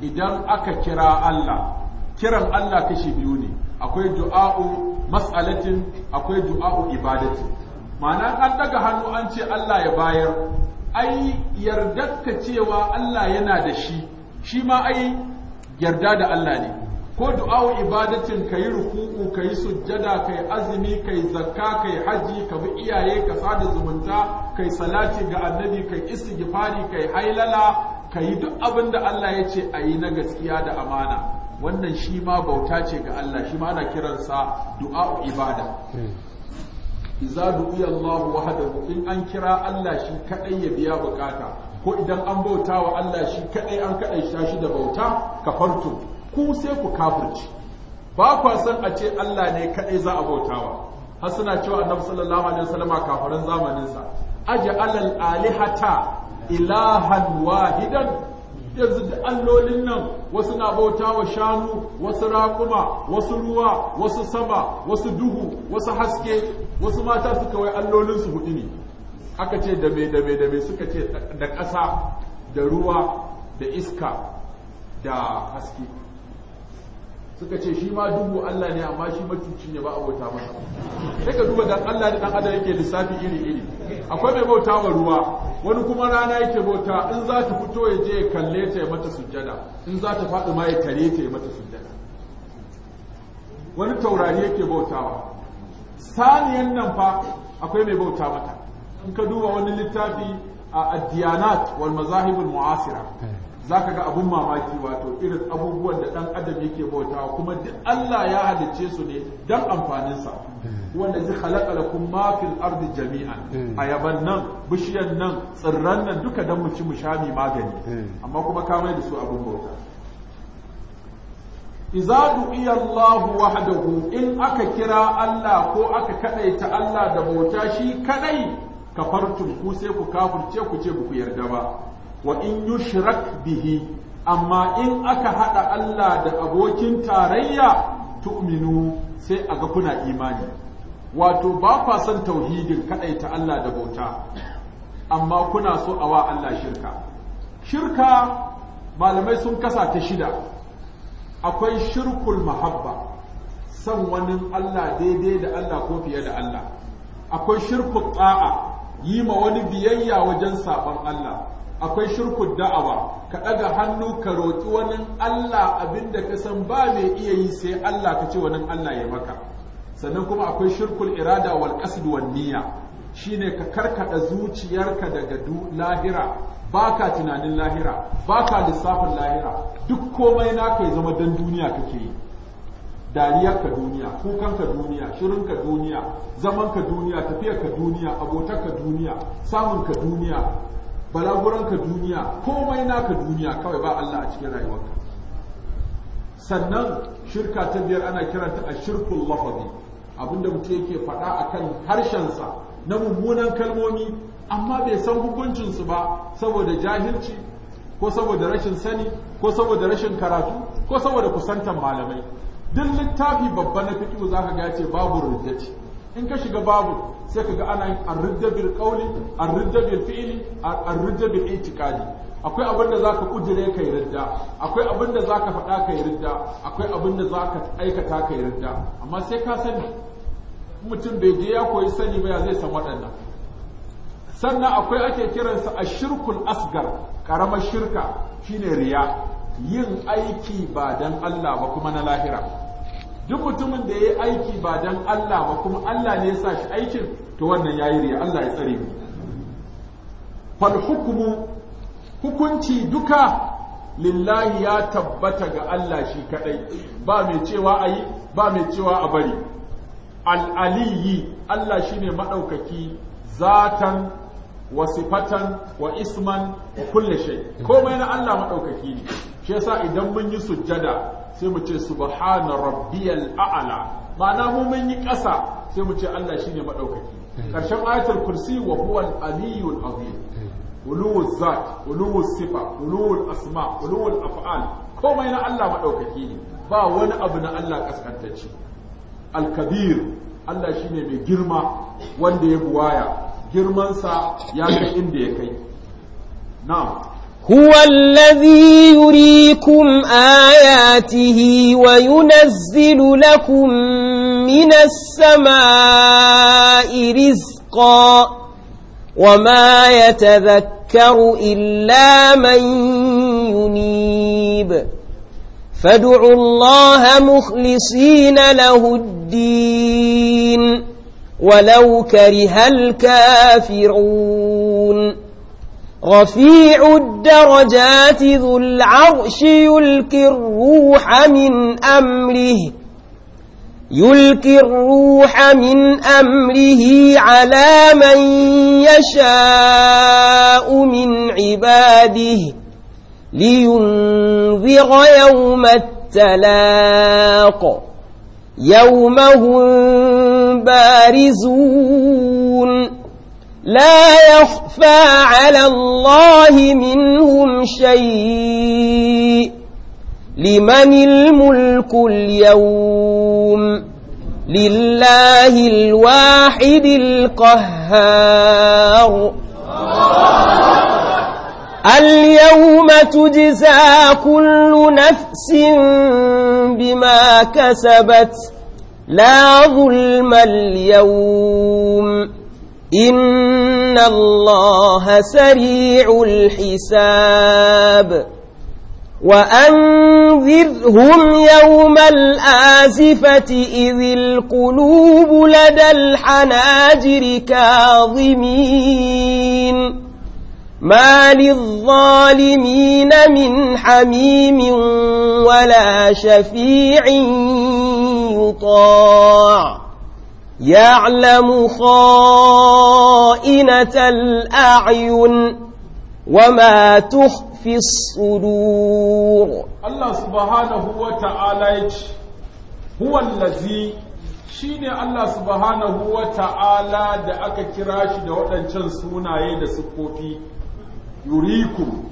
idan aka kira Allah kiran Allah kashi biyu ne akwai du'a'u mas'alatin akwai du'a'u ibadati Mana an daga hannu an ce Allah ya bayar ai yardarka cewa Allah yana da shi shi ma ai yarda da Allah ne ko du'a'u ibadatin kai ruku'u kai sujjada kai azumi kai zakka kai haji ka bi iyaye ka sada zumunta kai salati ga annabi kai istighfari kai hailala kai duk abin da Allah ya ce ayi na gaskiya da amana wannan shi ma bauta ce ga Allah shi ma ana kiransa du'a'u ibada iza du'i Allah wahdahu in an kira Allah shi kadai ya biya bukata ko idan an bauta wa Allah shi kadai an kadai shi da bauta kafarto ku sai ku kafirci ba kwa san a ce Allah ne kadai za a bautawa har suna cewa annabi sallallahu alaihi wasallam kafirin zamanin sa alal alihata ilahan wahidan yanzu da allolin nan wasu na bauta wa shanu wasu raƙuma wasu ruwa wasu sama wasu duhu wasu haske wasu mata suka wai su hudu ne aka ce da mai da mai da mai suka ce da ƙasa da ruwa da iska da haske suka ce shi ma dubu Allah ne amma shi macuci ne ba a bauta masa sai ka duba dan Allah da dan adam yake lissafi iri iri akwai mai bauta wa ruwa wani kuma rana yake bauta in za ta fito ya je kalle ta ya mata sujjada in za ta faɗi ma ya kare ta ya mata sujjada wani taurari yake bautawa saniyan nan fa akwai mai bauta mata in ka duba wani littafi a addiyanat wal mazahibul mu'asira zaka ga abun mamaki wato irin abubuwan da ɗan adam yake bautawa kuma duk Allah ya halicce su ne dan amfanin sa wanda zai khalaqa lakum ma fil ardi jami'an ayaban nan bishiyan nan tsirran nan duka dan mu ci mu sha magani amma kuma ka mai da su abun bauta iza du'iya Allahu wahdahu in aka kira Allah ko aka kadaita Allah da bauta shi kadai kafartum ku sai ku kafirce ku ce ku yarda ba wa in yushrak bihi amma in aka hada Allah da abokin tarayya tu'minu sai a ga kuna imani wato ba kwa son tauhidin kadaita Allah da bauta amma kuna so a wa Allah shirka shirka malamai sun kasa ta shida akwai shirkul mahabba san wani Allah daidai da Allah ko fiye da Allah akwai shirkul ta'a yi ma wani biyayya wajen saɓan Allah akwai shirkun da'awa ka ɗaga hannu ka roƙi wani Allah abin da ka san ba mai iya yi sai Allah ka ce wani Allah ya maka sannan kuma akwai shirkul irada wal qasd wan niyya shine ka karkada zuciyarka daga lahira baka tunanin lahira baka lissafin lahira duk komai naka ya zama dan duniya kake yi dariyarka duniya kukanka duniya shirinka duniya zamanka duniya tafiyarka duniya abotarka duniya samunka duniya balaguranka duniya komai naka duniya kawai ba Allah a cikin rayuwarka sannan shirka ta biyar ana kiranta a shirkul lafazi abinda mutu yake faɗa akan harshensa na mummunan kalmomi amma bai san hukuncin su ba saboda jahilci ko saboda rashin sani ko saboda rashin karatu ko saboda kusantan malamai duk littafi babba na za zaka ga ce babu ce. in ka shiga babu sai ka ga ana yin an ridda bil qawli an ridda bil fi'li an ridda bil i'tiqadi akwai abin da zaka kujire kai ridda akwai abin da zaka faɗa kai ridda akwai abin da zaka aikata kai ridda amma sai ka sani mutum bai je ya koyi sani ba ya zai san waɗannan sannan akwai ake kiransa a shirkun asgar karamar shirka shine riya yin aiki ba dan Allah ba kuma na lahira duk mutumin da ya yi aiki ba don Allah ba kuma Allah ne ya sa shi aikin to wannan ya yi riya Allah ya tsare mu fal hukumu hukunci duka lillahi ya tabbata ga Allah shi kadai ba mai cewa a yi ba mai cewa a bari al'aliyi Allah shi ne maɗaukaki zatan wa sifatan wa isman wa kulle shai komai na Allah maɗaukaki ne shi yasa idan mun yi sujjada sai mu ce subhana rabbiyal a'la ma'ana mu mun yi ƙasa sai mu ce Allah shine madaukaki karshen hmm. ayatul kursi wa huwa al-aliyyul azim hmm. uluwu zat uluwu sifa uluwu asma uluwu af'al komai na Allah madaukaki ne ba wani abu na Allah kaskantacci al-kabir Allah shine mai girma wanda ya buwaya girmansa ya kai inda ya kai na'am هو الذي يريكم آياته وينزل لكم من السماء رزقا وما يتذكر إلا من ينيب فادعوا الله مخلصين له الدين ولو كره الكافرون رفيع الدرجات ذو العرش يلقي الروح من أمره يلقي الروح من أمره على من يشاء من عباده لينذر يوم التلاق يوم هم بارزون لا يخفى على الله منهم شيء لمن الملك اليوم لله الواحد القهار اليوم تجزى كل نفس بما كسبت لا ظلم اليوم إن الله سريع الحساب وأنذرهم يوم الآزفة إذ القلوب لدى الحناجر كاظمين ما للظالمين من حميم ولا شفيع يطاع يعلم خائنة الأعين وما تخفي الصدور الله سبحانه وتعالى هو الذي shine Allah subhanahu wa ta'ala da aka kira shi da waɗancan sunaye da siffofi yurikum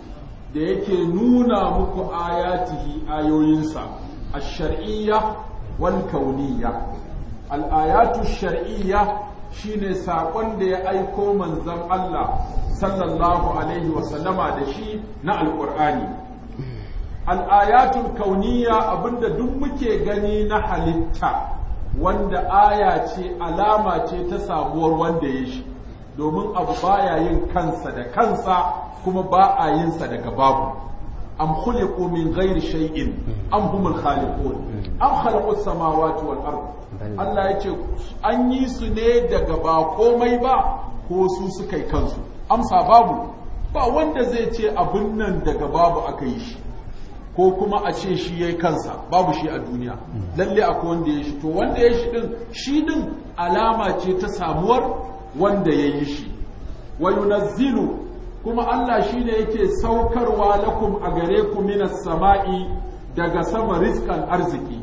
da yake nuna muku ayatihi ayoyinsa a shariyya wal kauniyya al'ayatu shi ne saƙon da ya aiko manzon Allah sallallahu alaihi wasallama da shi na alƙur'ani al'ayatun kauniya abinda duk muke gani na halitta wanda aya ce alama ce ta sabuwar wanda ya shi domin abu baya yin kansa da kansa kuma ba a yinsa daga babu am khuliqu min ghairi shay'in am humul khaliqun am khalaqus samawati wal ardh Allah ya ce an yi su ne daga ba komai ba ko su suka yi kansu amsa babu ba wanda zai ce abin nan daga babu aka yi shi ko kuma a ce shi ya kansa babu shi a duniya hmm. lalle akwai wanda ya shi to wanda ya shi din shi din alama ce ta samuwar wanda ya yi shi wa nazilu kuma Allah shi ne yake saukarwa lakum a gare ku minas sama'i daga sama rizkan arziki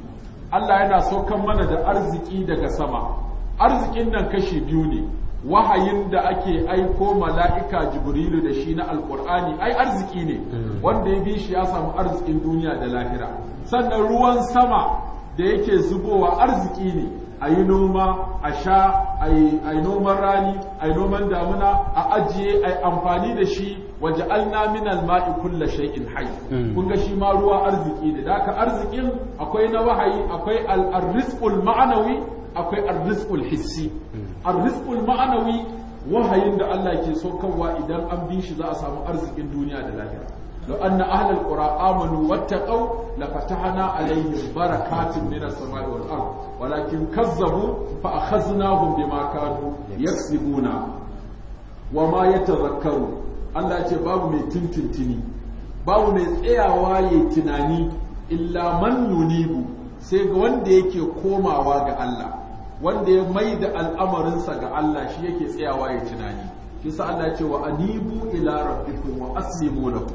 Allah yana saukan mana da arziki daga sama arzikin nan kashi biyu ne wahayin da ake aiko mala'ika jibrilu da shi na alƙur'ani ai arziki ne hmm. wanda ya bi shi ya samu arzikin duniya da lahira sannan ruwan sama da yake zubowa arziki ne a yi noma a sha a yi noman rani a yi noman damuna a ajiye a yi amfani da shi waje alnaminan ma'i kulla shay'in hai hmm. kun ga shi ma ruwa arziki ne da haka arzikin akwai na wahayi akwai al ma'anawi akwai al hissi hmm. al ma'anawi wahayin da Allah ke so kanwa idan an bi shi za a samu arzikin duniya da lahira لو أن أهل القرى آمنوا واتقوا لفتحنا a بركات من السماء والأرض ولكن كذبوا فأخذناهم بما كانوا يكسبون وما يتذكروا Allah ce babu mai tuntuntuni babu mai tsayawa ya tunani illa man yunibu sai ga wanda yake komawa ga Allah wanda ya mai da al'amarinsa ga Allah shi yake tsayawa ya tunani kisa Allah ce wa anibu ila rabbikum wa aslimu lahu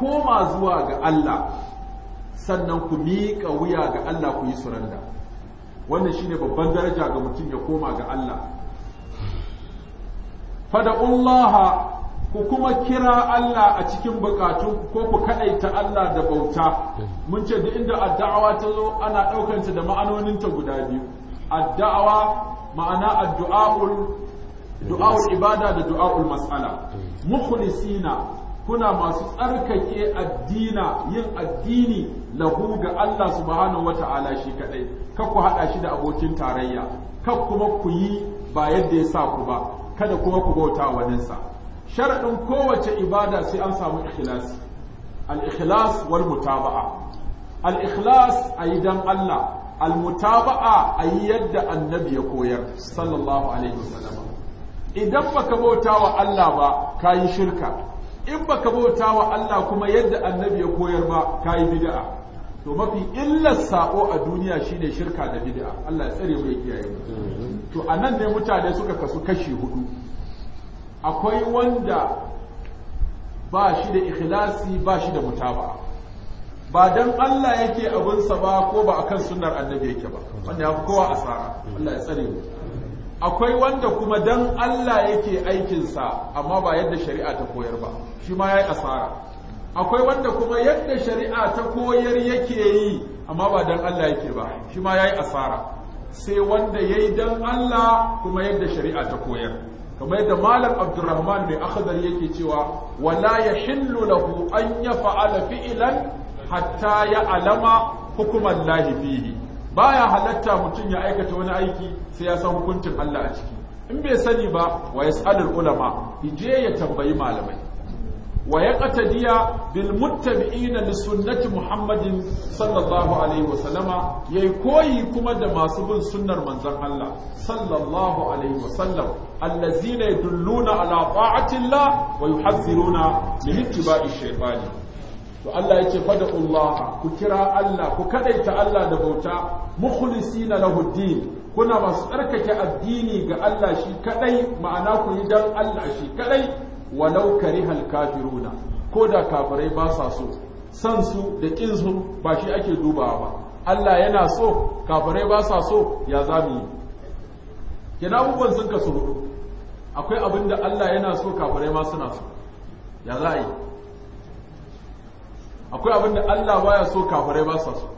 koma zuwa ga Allah sannan ku miƙa wuya ga Allah ku yi suranda wannan shine babban daraja ga mutum ya koma ga Allah fada'ullaha ku kuma kira Allah a cikin bukatu ko ku ta Allah da bauta mun ce da inda addu'a ta zo ana ɗaukanta da ma'anoninta guda biyu addu'a ma'ana addu'aul du'aul ibada da du'aul mas'ala mukhlisina kuna masu tsarkake addina yin addini lahu ga Allah subhanahu wata'ala shi kadai kar ku hada shi da abokin tarayya kar kuma ku yi ba yadda ya sa ku ba kada kuma ku bauta waninsa sharadin kowace ibada sai an samu ikhlasi al-ikhlas wal mutaba'a al-ikhlas ayi dan Allah al-mutaba'a ayi yadda annabi ya koyar sallallahu alaihi wasallam idan baka bauta wa Allah ba kayi shirka in ba ka bauta wa Allah kuma yadda annabi ya koyar ba ka yi bida'a, to mafi illar sako a duniya shine shirka da bida'a. Allah ya tsare mu ya kiyaye mu to anan ne mutane suka kasu kashi hudu akwai wanda ba shi da ikhlasi ba shi da mutaba ba dan Allah yake abinsa ba ko ba akan sunnar annabi yake ba wanda ya fi kowa asara Allah ya tsare mu akwai wanda kuma dan Allah yake aikinsa amma ba yadda shari'a ta koyar ba shi ma yayi asara akwai wanda kuma yadda shari'a ta koyar yake yi amma ba dan Allah yake ba shi ma yayi asara sai wanda yayi dan Allah kuma yadda shari'a ta koyar kamar yadda malam Abdurrahman mai akhadar yake cewa wala ya yahillu lahu an fa'ala fi'lan hatta ya'lama hukuman lahi fihi Ba ya halatta mutum ya aikata wani aiki sai ya san hukuncin Allah a ciki in bai sani ba wa yasalul ulama ije ya tambayi malamai wa yaqtadiya bil muttabi'ina li sunnati muhammadin sallallahu alaihi wa sallama yayi koyi kuma da masu bin sunnar manzon Allah sallallahu alaihi wa sallam allazina yadulluna ala ta'atillah wa yuhadhiruna min ittiba'i shaytani to Allah yake fada Allah ku kira Allah ku kadaita Allah da bauta mukhlisina lahu din kuna masu tsarkake addini ga Allah shi kadai ma'ana ku yi dan Allah shi kadai walau karihal kafiruna ko da kafirai ba sa so san su da kin su ba shi ake dubawa ba Allah yana so kafirai ba sa so ya zamu kina abubuwan sun kasu hudu akwai abinda Allah yana so kafirai ma suna so ya za yi akwai abin da Allah baya so kafirai ba su so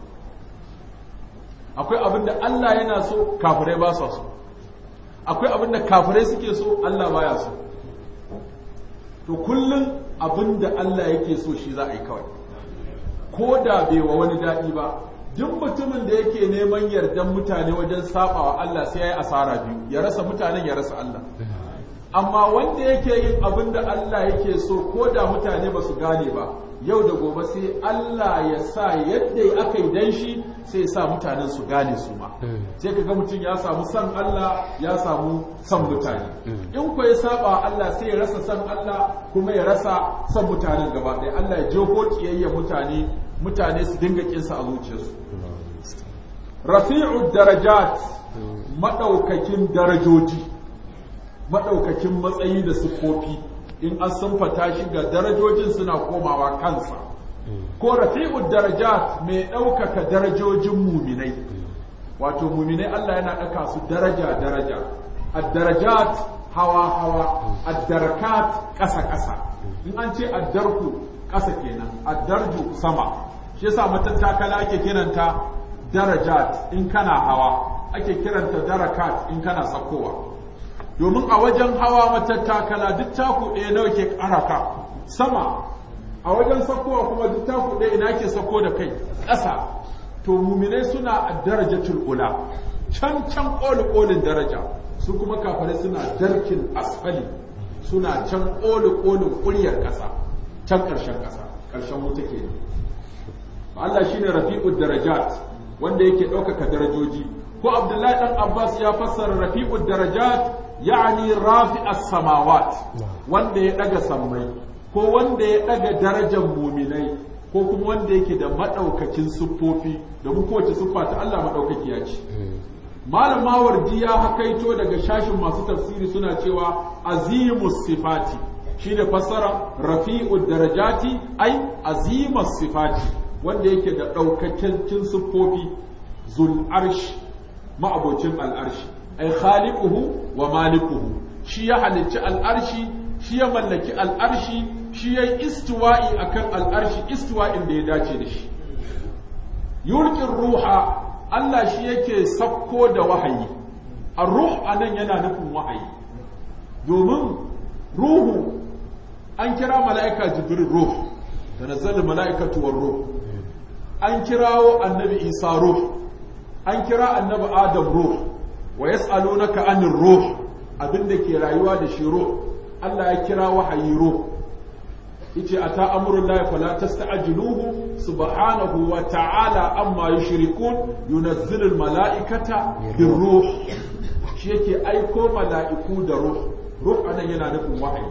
akwai abin da Allah yana so kafirai ba sa akwai abin da kafirai suke so Allah baya so to kullum abin da Allah yake so shi za a yi kawai ko da bai wa wani daɗi ba duk mutumin da yake neman yardan mutane wajen sabawa Allah sai ya yi asara biyu ya rasa mutanen ya rasa Allah amma wanda yake yin abin da Allah yake so ko da mutane ba su gane ba yau da gobe sai Allah ya sa yadda aka yi dan shi sai sa mutanen su gane su ma hmm. sai kaga mutum ya samu san Allah ya samu san mutane hmm. in ko ya saba Allah sai ya rasa san Allah kuma ya rasa san mutanen gaba ɗaya Allah ya jeho kiyayya mutane mutane su dinga kinsa a zuciyarsu rafi'ud darajat hmm. madaukakin darajoji madaukakin matsayi da siffofi in an fata shi ga darajojin suna komawa kansa ko rafi'ud darajat mai ɗaukaka darajojin muminai wato muminai Allah yana ɗaka su daraja daraja ad-darajat hawa hawa ad-darakat ƙasa ƙasa in an ce ad-darku ƙasa kenan ad-darju sama shi yasa matattakala ake kiranta darajat in kana hawa ake kiranta darakat in kana sakowa domin a wajen hawa matattakala duk taku ɗaya nawa ke ƙaraka sama a wajen sakowa kuma duk taku ɗaya ina ke sako da kai ƙasa to muminai suna a daraja turbula can can ƙoli ƙolin daraja su kuma kafare suna darkin asfali suna can ƙoli ƙolin ƙuryar ƙasa can ƙarshen ƙasa ƙarshen wuta ke Allah shine rafi'ud darajat wanda yake ɗaukaka darajoji ko Abdullahi ɗan Abbas ya fassara rafi'ud darajat ya'ani rafi as-samawat wanda ya daga sammai ko wanda ya daga darajar muminai ko kuma wanda yake da madaukakin siffofi da kowace siffa ta Allah ya ce malam mawardi ya hakaito daga shashin masu tafsiri suna cewa azimus sifati shi ne fassara rafi'ud darajati ai azimus sifati wanda yake da ɗaukakken siffofi zul arsh ma'abocin al'arshi ay khaliquhu wa malikuhu shi ya halicci al'arshi shi ya mallaki al'arshi shi ya yi istiwa'i akan al'arshi istiwa'in da ya dace da shi yulkin ruha Allah shi yake sakko da wahayi a ruh anan yana nufin wahayi domin ruhu an kira mala'ika jibril ruh da nazalin mala'ikatuwar ruh an kirawo annabi isa ruh an kira annabi adam ruh wa yas'alunaka anir ruh abinda ke rayuwa da shi ruh Allah ya kira wahayi ruh yace ata amrullahi ajinuhu, tasta'jiluhu subhanahu wa ta'ala amma yushrikun yunazzinin mala'ikata birruh shi yake aiko mala'iku da ruh ruh anan yana nufin wahayi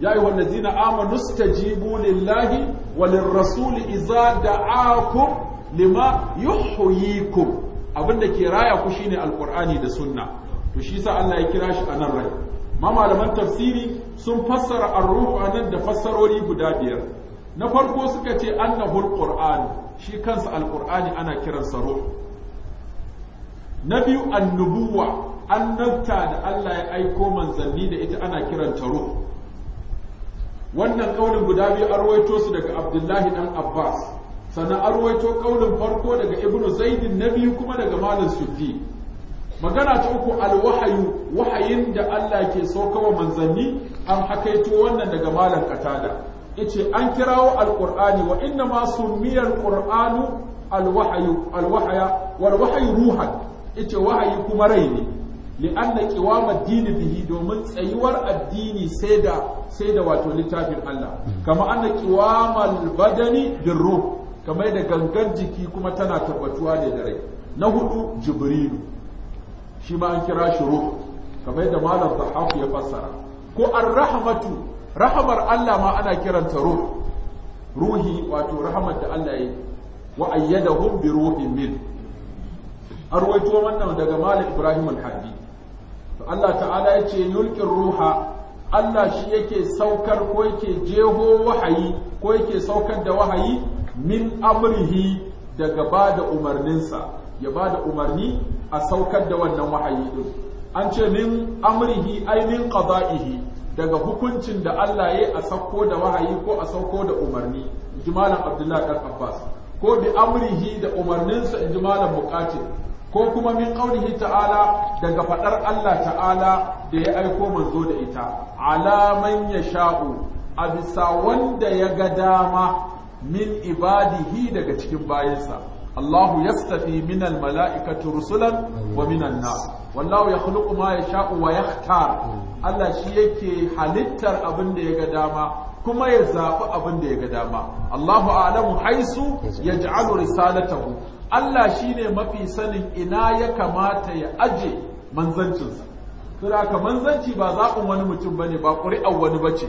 ya yi wanda zina amanu stajibu lillahi wani rasuli iza da'akum lima yuhyikum abin da ke raya ku shine alqur'ani da sunna to shi sa Allah ya kira shi anan rai ma malaman tafsiri sun fassara ar-ruhu anan da fassarori guda biyar na farko suka ce annahul qur'an shi kansa alqur'ani ana kiran sa ruh na biyu annubuwa annabta da Allah ya aiko manzanni da ita ana kiran ta ruh wannan kaulin guda biyu an ruwaito su daga Abdullahi dan Abbas sannan an ruwaito kaulin farko daga ibnu zaidin na biyu kuma daga malam sufi magana ta uku alwahayu wahayin da Allah ke saukawa manzanni an hakaito wannan daga malam katada yace an kirawo alqur'ani wa inna ma sumiya alqur'anu alwahayu alwahaya wal wahyu ruhan yace wahayi kuma rai ne li'anna qiwama ad bihi domin tsayuwar addini sai da sai da wato littafin Allah kama anna qiwama al-badani bir ruh kamar da gangan jiki kuma tana tabbatuwa ne da rai na hudu jibrilu shi ma an kira shi ruh kamar da malam zahafu ya fassara ko ar-rahmatu rahmar Allah ma ana kiranta ruh ruhi wato rahmar da Allah yi wa ayyadahum bi ruhin min arwaito wannan daga Malik Ibrahim al-Hadi to Allah ta'ala yace yulqi ruha Allah shi yake saukar ko yake jeho wahayi ko yake saukar da wahayi min amrihi daga ba da umarninsa ya ba da umarni a saukar da wannan wahayi din an ce min amrihi ai min qada'ihi daga hukuncin da Allah ya a sauko da wahayi ko a sauko da umarni jimalan Abdullahi dan Abbas ko bi amrihi da umarninsa jimalan buƙatin ko kuma min qaulihi ta'ala daga faɗar Allah ta'ala da ya aiko manzo da ita ala ya yasha'u a bisa wanda ya ga dama min ibadihi daga cikin bayansa Allahu yastafi min mala'ikatu, rusulan wa min annas wallahu yakhluqu ma yasha'u wa yakhtar Allah shi yake halittar abin da ya ga dama kuma ya zafi abin da ya ga dama Allahu a'lamu haisu yaj'alu risalatahu Allah shi ne mafi sanin ina ya kamata ya aje manzancinsa saboda ka manzanci ba zaɓin wani mutum bane ba ƙuri'a wani bace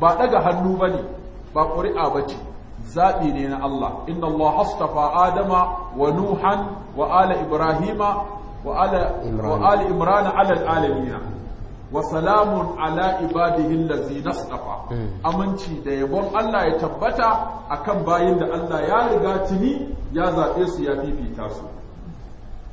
ba ɗaga hannu bane ba ƙuri'a bace zaɓi ne na Allah inna Allah astafa adama wa nuhan wa ala ibrahima wa ala imrana ala alamina wa salamun ala ibadihin lazi nastafa hmm. aminci da yabon Allah ya tabbata akan bayin da Allah ya riga tuni ya zaɓe su ya fifita su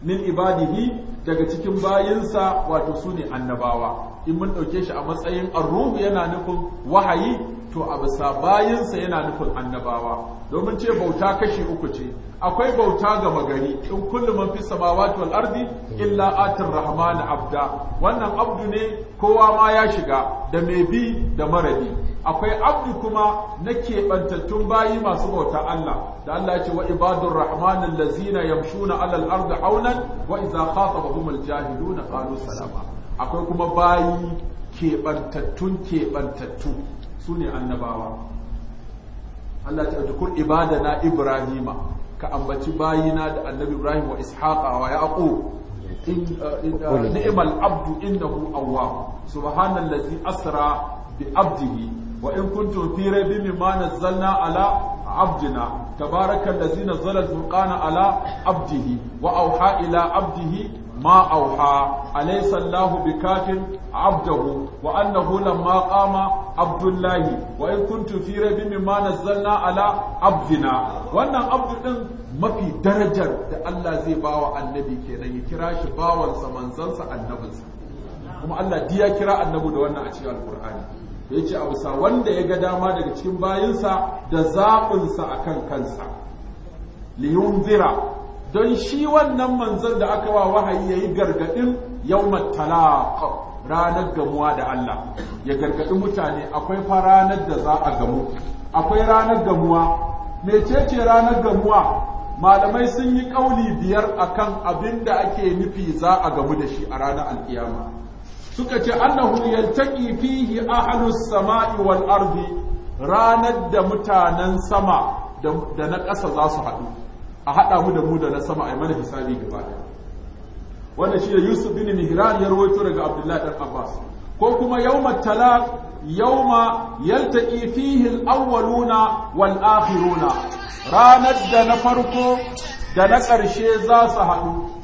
min ibadihi daga cikin bayinsa wato su ne annabawa in mun ɗauke shi a matsayin arruhu yana nufin wahayi to a bisa bayansa yana nufin annabawa domin ce bauta kashi uku ce akwai bauta ga magari in kullum fi samawati wal ardi illa atir rahman abda wannan abdu ne kowa ma ya shiga da mai bi da maradi akwai abdu kuma na keɓantattun bayi masu bauta Allah da Allah ce wa ibadur rahman allazina yamshuna alal ardi wa'iza wa idza khatabahum aljahiluna qalu salama akwai kuma bayi keɓantattun keɓantattu su ne annabawa Allah ta tukur ibadana ibrahima ka ambaci bayina da annabi ibrahim wa ishaqa wa yaqub uh, uh, ni'mal abdu innahu awwab subhanallazi asra bi abdihi wa in kuntum fi raibin mimma nazzalna ala abdina tabaraka allazi nazzala al-furqana ala abdihi wa auha ila abdihi ma auha alaysa allahu bikatin abdahu wa annahu lamma qama abdullahi wa in kuntum fi raibin mimma nazzalna ala abdina wannan abdu ɗin mafi darajar da Allah zai bawa annabi kenan ya kira shi bawansa manzansa annabinsa kuma Allah diya kira annabu da wannan a cikin alqur'ani ya ce a wusa wanda ya ga dama daga cikin bayinsa da zaɓinsa a kan kansa liyun zira don shi wannan manzon da aka wa wahayi ya yi gargaɗin yau matala ranar gamuwa da Allah ya gargaɗi mutane akwai fa ranar da za a gamu akwai ranar gamuwa mecece ranar gamuwa malamai sun yi ƙauni biyar akan abin da ake nufi za a gamu da shi a ranar alƙiyama suka ce annahu yaltaqi fihi ahlus sama'i wal ardi ranar da mutanen sama da na ƙasa za su haɗu a haɗa mu da mu da na sama a mana hisabi gaba da. wannan shi da yusuf bin mihran ya rawaito daga abdullahi dan abbas ko kuma yawma talaq yawma yaltaqi fihi al-awwaluna wal akhiruna ranar da na farko da na ƙarshe za su haɗu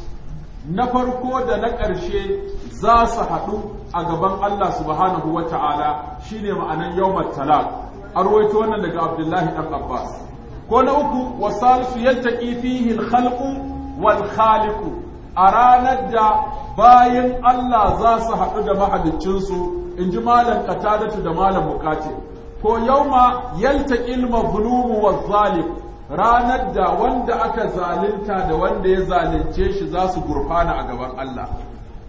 na farko da na ƙarshe za su haɗu a gaban Allah subhanahu wa ta'ala shi ne ma'anan yawmar talak a ruwaito wannan daga abdullahi ɗan abbas ko na uku wasalsu yadda fihi khalqu wal khaliqu a ranar da bayan Allah za su haɗu da mahaliccinsu in ji malam katadatu da malam mukace ko yauma yalta ilma zulumu wa zalim ranar da wanda aka zalunta da wanda ya zalunce shi za su gurfana a gaban Allah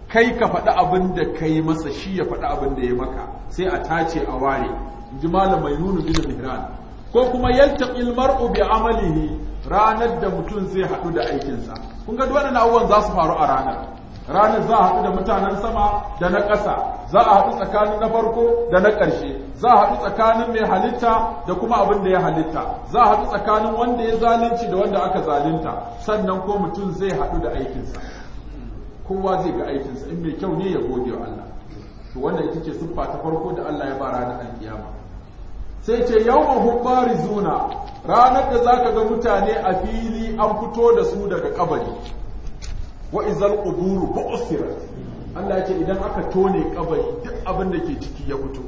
kai ka faɗi abin da ka yi masa shi ya faɗi abin da ya maka sai a tace a ware ji malamai nunu bin mihran ko kuma ilmar ubi bi amalihi ranar da mutum zai haɗu da aikinsa kun ga duk abubuwan za su faru a ranar ranar za a haɗu da mutanen sama da na ƙasa za a haɗu tsakanin na farko da na ƙarshe za a haɗu tsakanin mai halitta da kuma abin da ya halitta za a haɗu tsakanin wanda ya zalunci da wanda aka zalunta sannan ko mutum zai haɗu da aikinsa kowa zai ga aikinsa in mai kyau ne ya gode wa Allah to wannan ita ce siffa ta farko da Allah ya ba ranar alkiyama sai ce yawan hubbari zuna ranar da za ka ga mutane a fili an fito da su daga kabari wa izal quburu Allah ya ce idan aka tone kabari duk abin da ke ciki ya fito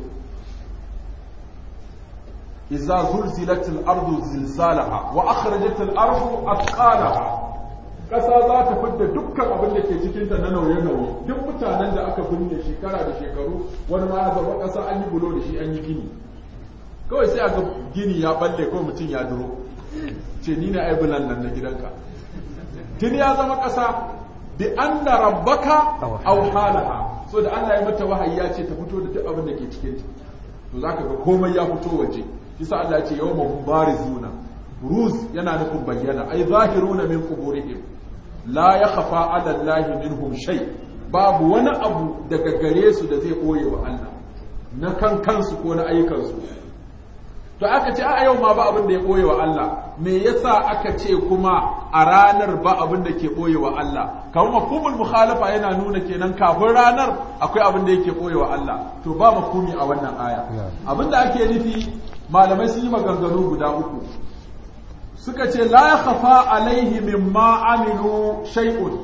idza zulzilat ardu zilzalaha wa ardu kasa za ta fidda dukkan abin da ke cikin ta na nauye-nauye duk mutanen da aka binne shekara da shekaru wani ma ya zama kasa an yi bulo da shi an yi gini kawai sai aka gini ya balle ko mutum ya duro ce ni na ai bulan nan na gidanka tuni ya zama ƙasa bi anna rabbaka aw halaha so da Allah ya mata wahayi ya ce ta fito da duk abin da ke cikin ta to zaka ga komai ya fito waje kisa Allah ya ce yawma hum barizuna ruz yana nufin bayyana ai zahiruna min quburihim la yakhfa ala Allah minhum shay babu wani abu daga gare su da zai koye wa Allah na kan kansu ko na ayyukan su. to aka ce a yau ma ba abin da ya ɓoye wa Allah me yasa aka ce kuma a ranar ba abin da ke ɓoye wa Allah kamar mafhumul mukhalafa yana nuna kenan kafin ranar akwai abin da yake ɓoye wa Allah to ba mafhumi a wannan aya abin da ake nufi malamai sun yi maganganu guda uku suka ce la khafa alaihi mimma amilu shay'un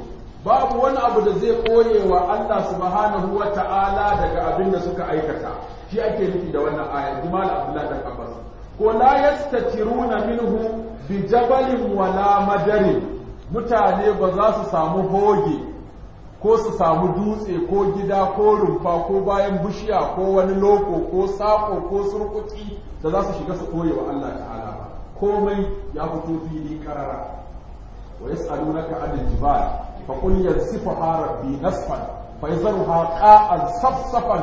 babu wani abu da zai ɓoye wa Allah subhanahu wa ta'ala daga abin da suka aikata shi ake nufi da wannan aya jima da abdullahi dan abbas ko la yastatiruna minhu bi jabalin wala madari, mutane ba za su samu hoge ko su samu dutse ko gida ko rumfa ko bayan bishiya ko wani loko ko sako ko surkuki da za su shiga su koye wa Allah ta'ala ba komai ya fito fili karara wa yas'alunaka na jibal fa qul yansifuha rabbi nasfan fa yadharuha qa'an safsafan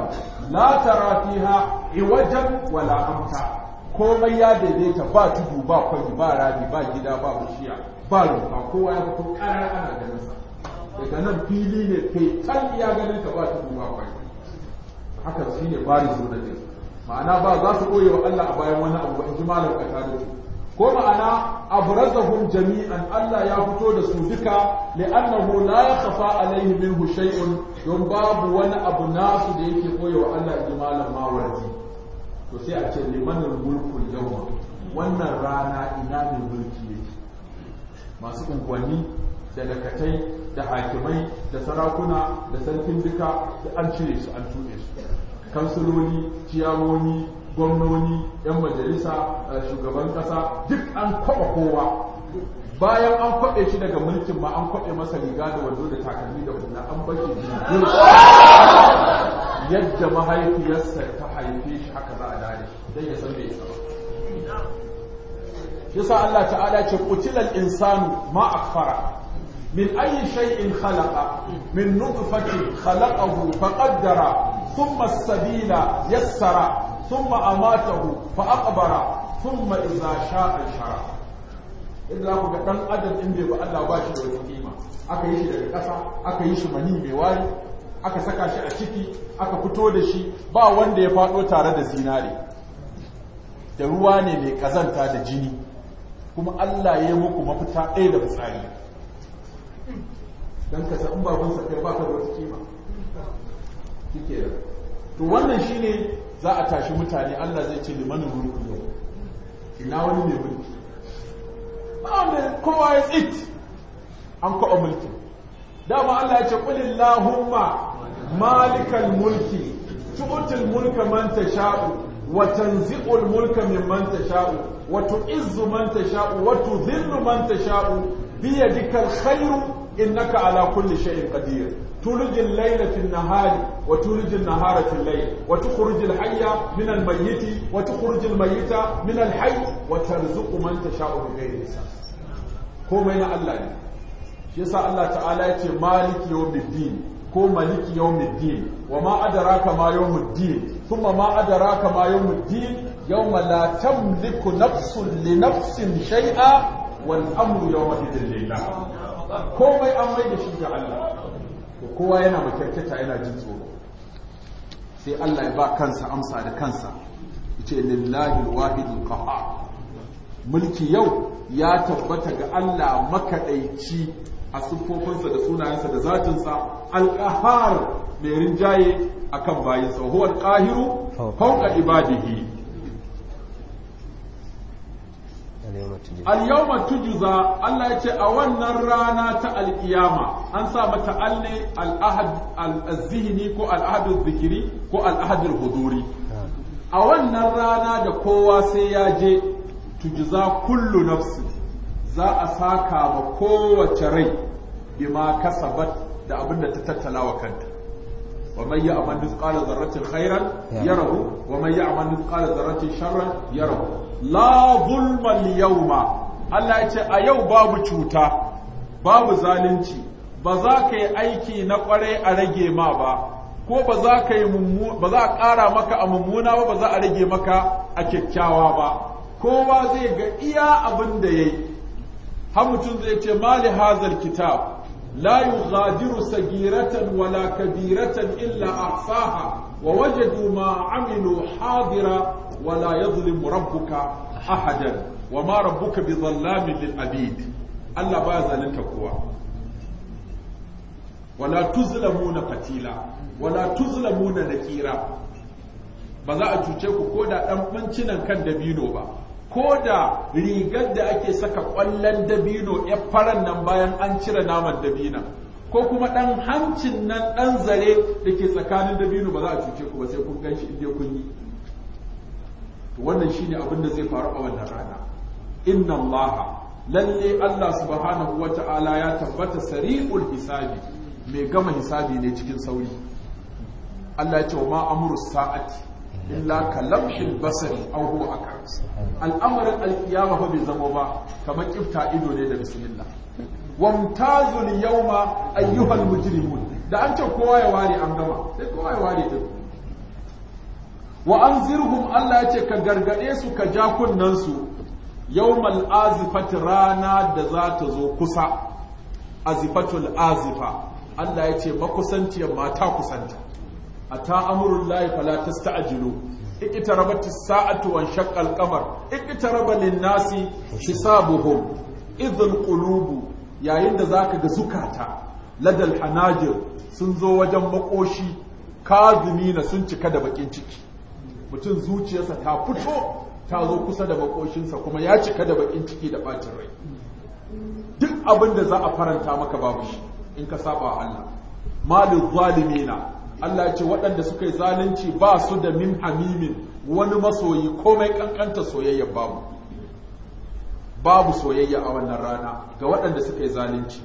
la tara fiha iwajan wala amta komai ya daidaita ba tudu ba kwari ba rami ba gida ba bishiya ba rumfa kowa ya fito karar ana ganin sa daga nan fili ne fetan ya ganin ta ba tudu ba kwari haka shi ne bari zo da ma'ana ba za su koye wa Allah a bayan wani abu in ji malam ka tare ko ma'ana abrazahum jami'an Allah ya fito da su duka li'annahu la yakhfa alayhi minhu shay'un don babu wani abu nasu da yake wa Allah ji malam mawardi to sai a ce limanul mulkul yawma wannan rana ina ne mulki yake masu unguwanni da dakatai da hakimai da sarakuna da sarkin duka da an cire su an tuɗe su kansuloni ciyamoni gwamnoni yan majalisa shugaban kasa duk an kwaɓa kowa bayan an kwaɓe shi daga mulkin ma an kwaɓe masa riga da wando da takalmi da hula an bashi jirgin yadda mahaifiyarsa ta haife shi haka za a dare don ya san bai ba. yasa Allah ta'ala ce qutilal insanu ma akfara من أي شيء خلق من نطفة خلقه فقدر ثم السبيل يسر ثم أماته فأقبر ثم إذا شاء انشرع إذا ku ga ɗan adam in bai ba Allah ba shi da wata kima aka yi shi daga ƙasa aka yi shi mani mai wari aka saka shi a ciki aka fito da shi ba wanda ya faɗo tare da zinare da ruwa ne mai kazanta da jini kuma Allah ya yi muku mafita ɗaya da fitsari don ka san in sa kai ba ka da wata kima kike da to wannan shine za a tashi mutane Allah zai ce limanin mulku yau ina wani ne mulki ba kowa ya tsit an kwaɓa mulki dama Allah ya ce kulillahumma malikal mulki tu'til mulka man tasha'u wa tanzi'ul mulka mimman tasha'u wa tu'izzu man tasha'u wa tudhillu man tasha'u biyadikal khayru innaka ala kulli shay'in qadir turjin lailatin nahari wa turjin naharatin lay wa tukhrijul hayya min al mayyit wa tukhrijul mayyita min al wa tarzuqu man tasha'u bi ghayri komai na Allah ne shi yasa Allah ta'ala ya ce, maliki yawmiddin ko maliki yawmiddin wa ma adraka ma yawmiddin kuma ma adraka ma yawmiddin yawma la tamliku nafsun li nafsin shay'a wal amru yawmiddin lillah komai an mai da shi ga Allah to kowa yana makyarkyata yana jin tsoro sai Allah ya ba kansa amsa da kansa yace lillahi alwahidul qahhar mulki yau ya tabbata ga Allah makadaici a sufofinsa da sunayensa da zatinsa alqahar mai rinjaye akan bayinsa huwa al-qahiru fawqa ibadihi al-yawma tujza Allah yace a wannan rana ta al-qiyama an sa mata alle al-ahad al-zihni ko al-ahad al zikri ko al-ahad al-huduri a wannan rana da kowa sai ya je tujza kullu nafsi za a saka ma kowace rai bima kasabat da abinda ta tattalawa kanta ومن يعمل مثقال ذرة خيرا يره ومن يعمل مثقال ذرة شرا يره لا ظلم اليوم Allah ya ce a yau babu cuta babu zalunci ba za ka yi aiki na kwarai a rage ma ba ko ba za ka yi ba za a ƙara maka a mummuna ba ba za a rage maka a kyakkyawa ba kowa zai ga iya abin da yayi yi mutum zai ce mali hazal kitab لا يغادر سجيرة ولا كبيرة إلا أحصاها ووجدوا ما عملوا حاضرا ولا يظلم ربك أحدا وما ربك بظلام للعبيد ألا باز لتقوى ولا تظلمون قتيلا ولا تظلمون نكيرا ba za a cuce ku ko da ɗan ɓancinan kan dabino ba ko da rigar da ake saka ƙwallon dabino ya faran nan bayan an cire naman dabina ko kuma ɗan hancin nan ɗan zare da ke tsakanin dabino ba za a cuce ku ba sai kun ganshi inda kun yi wannan ne abin da zai faru a wannan rana inna allaha lalle allah subhanahu wata'ala ya tabbata sari'ul hisabi mai gama hisabi ne cikin sauri Allah ya ce wa ma amuru sa'ati illa kalamshil basari aw huwa akras al'amarin alkiyama fa bai zama ba kamar kifta ido ne da bismillah wamtazul yawma ayyuhal mujrimun da an ce kowa ya ware an gama sai kowa ya ware din wa anzirhum Allah yace ka gargade su ka ja kunnan su yawmal azifat rana da za ta zo kusa azifatul azifa Allah yace makusanciyar mata kusanta ata amrullahi fala tasta'jilu iqtarabat as-sa'atu wa shaqqa al-qamar iqtaraba lin hisabuhum idhul qulubu yayin da zaka ga zukata ladal hanajir sun zo wajen makoshi na sun cika da bakin ciki mutum zuciyarsa ta fito ta zo kusa da makoshinsa kuma ya cika da bakin ciki da bacin rai duk abin da za a faranta maka babu shi in ka saba Allah malin zalimina Allah ce waɗanda suka yi zalunci ba su da min hamimin wani masoyi komai ƙanƙanta soyayya babu babu soyayya a wannan rana ga waɗanda suka yi zalunci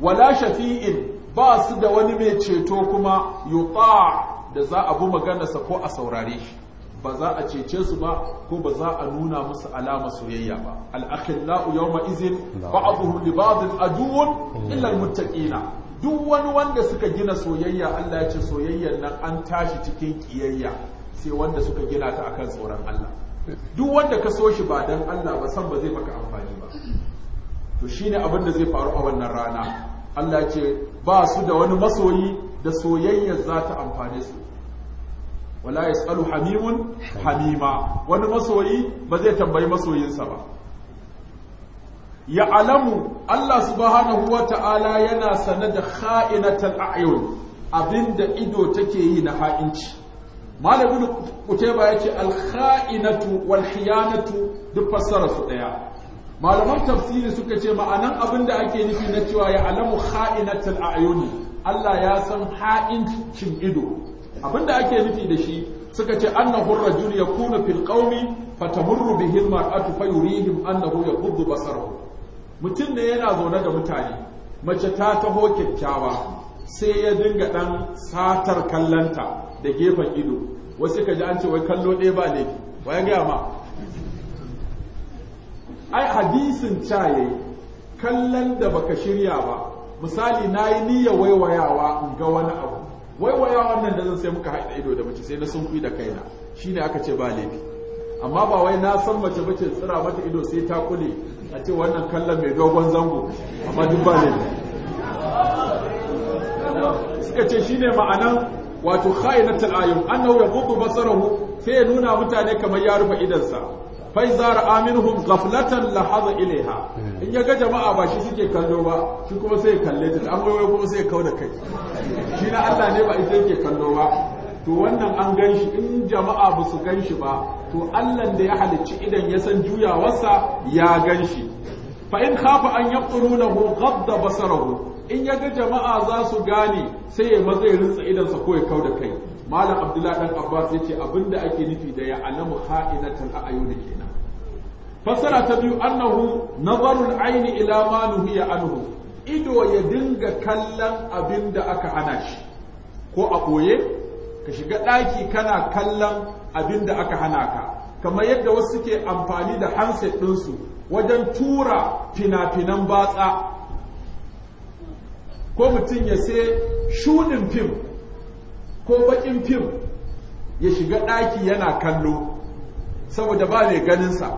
wala shafi'in ba su da wani mai ceto kuma yuta da za a bu maganarsa ko a saurare shi ba za a cece su ba ko ba za a nuna musu alama soyayya ba al-akhillau yawma izin ba'dhum li ba'd aduwwun illa al-muttaqina duk wani wanda suka gina soyayya Allah ya ce soyayyan nan an tashi cikin kiyayya sai wanda suka gina ta akan tsoron Allah duk wanda ka so shi ba dan Allah ba san ba zai maka amfani ba to shine abin da zai faru a wannan rana Allah ya ce ba su da wani masoyi da soyayya za ta amfane su wala yasalu hamimun hamima wani masoyi ba zai tambayi masoyinsa ba Ya'alamu Allah subhanahu wata'ala yana sane da kha'inatal a'yun abinda ido take yi na ha'inci malamin kuteba ya al kha'inatu walhiyanatu duk fassara su ɗaya malaman tafsiri suka ce ma'anan abinda ake nufi na cewa Ya'alamu kha'inatal a'yuni Allah ya san ha'incin ido abinda ake nufi da shi suka ce annahu ar-rajul yakunu fil qaumi fatamurru bihi al-mar'atu fayurihim annahu yaghuddu basarahu mutum ne yana zaune da mutane mace ta taho kyakkyawa sai ya dinga ɗan satar kallonta da gefen ido wasu ka ji an ce wai kallo ɗaya ba ne wa ya gaya ma ai hadisin caye kallon da baka shirya ba misali na yi niyyar waiwayawa in ga wani abu waiwayawa nan da zan sai muka haɗa ido da mace sai na sun da kaina ne aka ce ba laifi amma ba wai na san mace bace tsira mata ido sai ta kule a ce wannan kallon mai dogon zango amma duk ba ne suka ce shine ma'anan wato khaynatul ayun annahu yaqutu basarahu sai ya nuna mutane kamar ya rufe idansa fa izar aminhum ghaflatan lahaza ilaiha hmm. in ya ga jama'a ba shi suke kallo ba shi kuma sai ya kalle ta amma goyo kuma sai ya kauda kai shi na Allah ne ba ita yake kallo ba to wannan an gan shi in jama'a ba su gan shi ba to allan da ya halicci idan ya san juyawarsa ya gan shi fa in khafa an yaqulu lahu ghadda basarahu in ya ga jama'a za su gane sai ya maza ya idan sa ko ya da kai malam abdullahi dan abbas yace abinda ake nufi da ya alamu kha'inatan a'yun kenan fasara ta biyu annahu nazarul aini ila ma nuhiya anhu ido ya dinga kallon abin da aka hana shi ko a boye ka shiga ɗaki kana kallon abin da aka hana ka kamar yadda wasu ke amfani da handset ɗinsu wajen tura fina-finan batsa ko mutum ya sai shuɗin fim ko baƙin fim ya shiga ɗaki yana kallo saboda ba mai ganinsa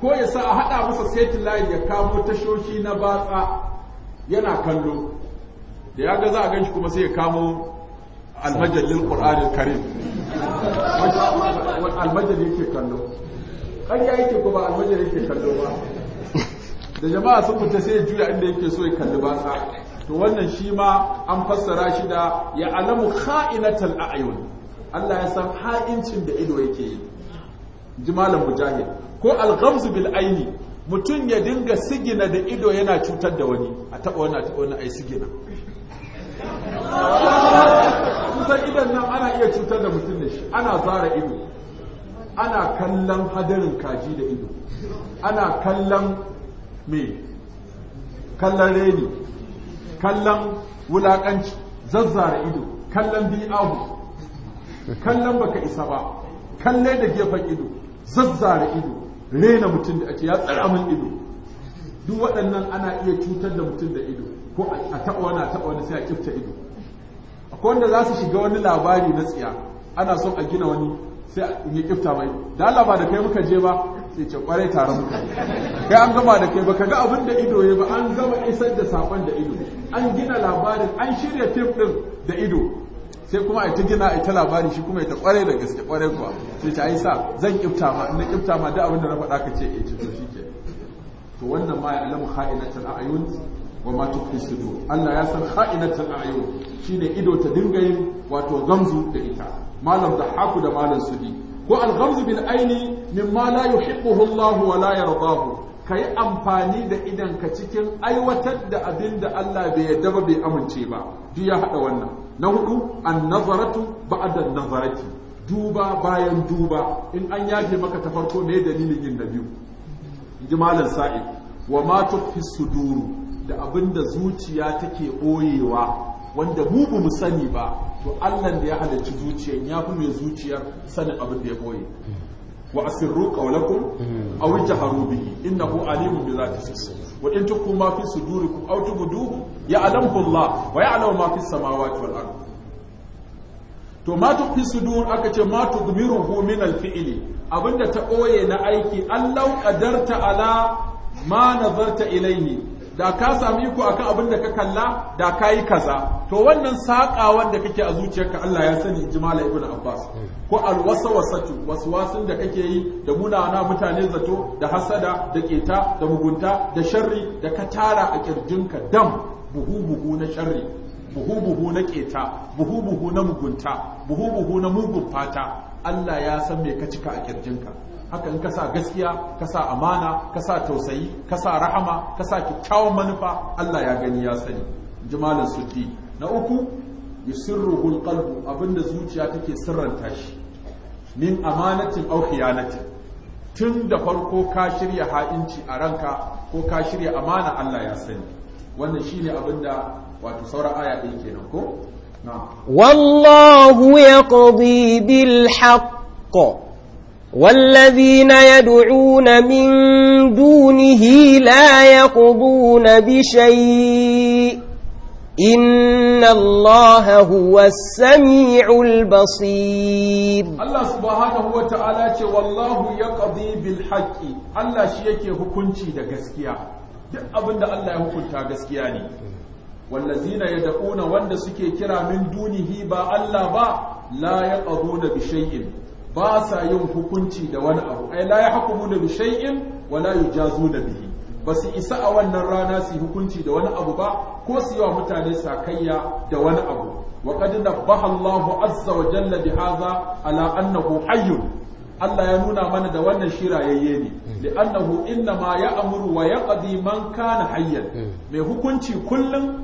ko ya sa a haɗa masa satellite ya kamo tashoshi na batsa yana kallo da ya ga za a gan shi kuma sai ya kamo almajalin ƙur'anin karim almajal yake kallo ƙarya yake ko ba almajal yake kallo ba da jama'a sun fita sai ya juya inda yake so ya kalli ba sa to wannan shi ma an fassara shi da ya alamu kha'inatal a'yun Allah ya san ha'incin da ido yake yi ji malam mujahid ko al-ghamz bil aini mutum ya dinga sigina da ido yana cutar da wani a taɓa wani a taɓa wani a yi sigina san idan nan ana iya cutar da mutum da shi ana zara ido ana kallon hadarin kaji da ido ana kallon me kallon reni kallon wulakanci zazzara ido kallon abu, kallon baka isa ba kalle da gefen ido zazzara ido rena mutum da ake ya tsara min ido duk waɗannan ana iya cutar da mutum da ido ko a taɓa wani a taɓa wani sai a kifta ido ko wanda za su shiga wani labari na tsiya ana son a gina wani sai ya kifta mai da Allah ba da kai muka je ba sai ce kwarai tare muka kai an gama da kai ba ka ga abin da ido ya ba an gama isar da sakon da ido an gina labarin an shirya fim din da ido sai kuma ai ta gina ai ta labari shi kuma ai ta kwarai da gaske kwarai kuwa sai ta aisa zan kifta ma in kifta ma da abin da na faɗa ka ce eh to shike to wannan ma ya alamu kha'inatul a'yun wa ma tukfi sudur Allah ya san kha'inatul ayun shine ido ta dinga yin wato gamzu da ita malam da haku da malam sudi ko al-ghamzu bil aini mimma la yuhibbuhu Allah wa la yardahu kai amfani da idan ka cikin aiwatar da abin da Allah bai yarda ba bai amince ba duk ya hada wannan na hudu an-nazaratu ba'da an-nazarati duba bayan duba in an yaje maka ta farko me dalilin yin da biyu ji malam sa'id wa ma tukfi suduru da abin da zuciya take ɓoyewa wanda mu ba mu sani ba to Allah da ya halarci zuciyar ya fi mai zuciyar sanin abin da ya ɓoye wa asirru qawlakum aw jaharu bihi innahu alimun bi zati sudur wa in tukum ma fi sudurikum aw tubduhu ya'lamu Allah wa ya'lamu ma fi samawati wal ardh to ma su sudur aka ce ma tugmiruhu min al-fi'li abinda ta ɓoye na aiki allau qadarta ala ma nazarta ilayhi da ka sami iko akan abin da ka kalla da ka yi kaza to wannan saƙa wanda kake a zuciyarka Allah ya sani in ji Malam Ibn Abbas ko alwasawasatu waswasin da kake yi da munana mutane zato da hasada da keta da mugunta da sharri da ka tara a kirjinka dam buhu buhu na sharri buhu buhu na keta buhu buhu na mugunta buhu buhu na mugun fata Allah ya san me ka cika a kirjinka haka in ka sa gaskiya ka sa amana ka sa tausayi ka sa rahama ka sa kyakkyawan manufa Allah ya gani ya sani jimalin suddi na uku yusirruhul qalbu abinda zuciya take sirranta shi min amanatin aw khiyanatin tun da farko ka shirya ha'inci a ranka ko ka shirya amana Allah ya sani wannan shine abinda wato sauran aya ɗin kenan ko na wallahu yaqdi bil haqq والذين يدعون من دونه لا يقضون بشيء إن الله هو السميع البصير الله سبحانه وتعالى والله يقضي بالحق الله yake hukunci da gaskiya duk da Allah ya hukunta gaskiya ne wallazina da'una wanda suke kira min dunihi ba Allah ba la yaqduna bi shay'in ba sa yin hukunci da wani abu ai la yahkumuna da shay'in wa la da bihi ba su isa a wannan rana su hukunci da wani abu ba ko su yi wa mutane sakayya da wani abu wa qad baha Allahu azza wa jalla bi hadha ala annahu hayyun Allah ya nuna mana da wannan shira yayye ne hmm. li'annahu inna ma ya'muru wa yaqdi man kana hayyan hmm. mai hukunci kullum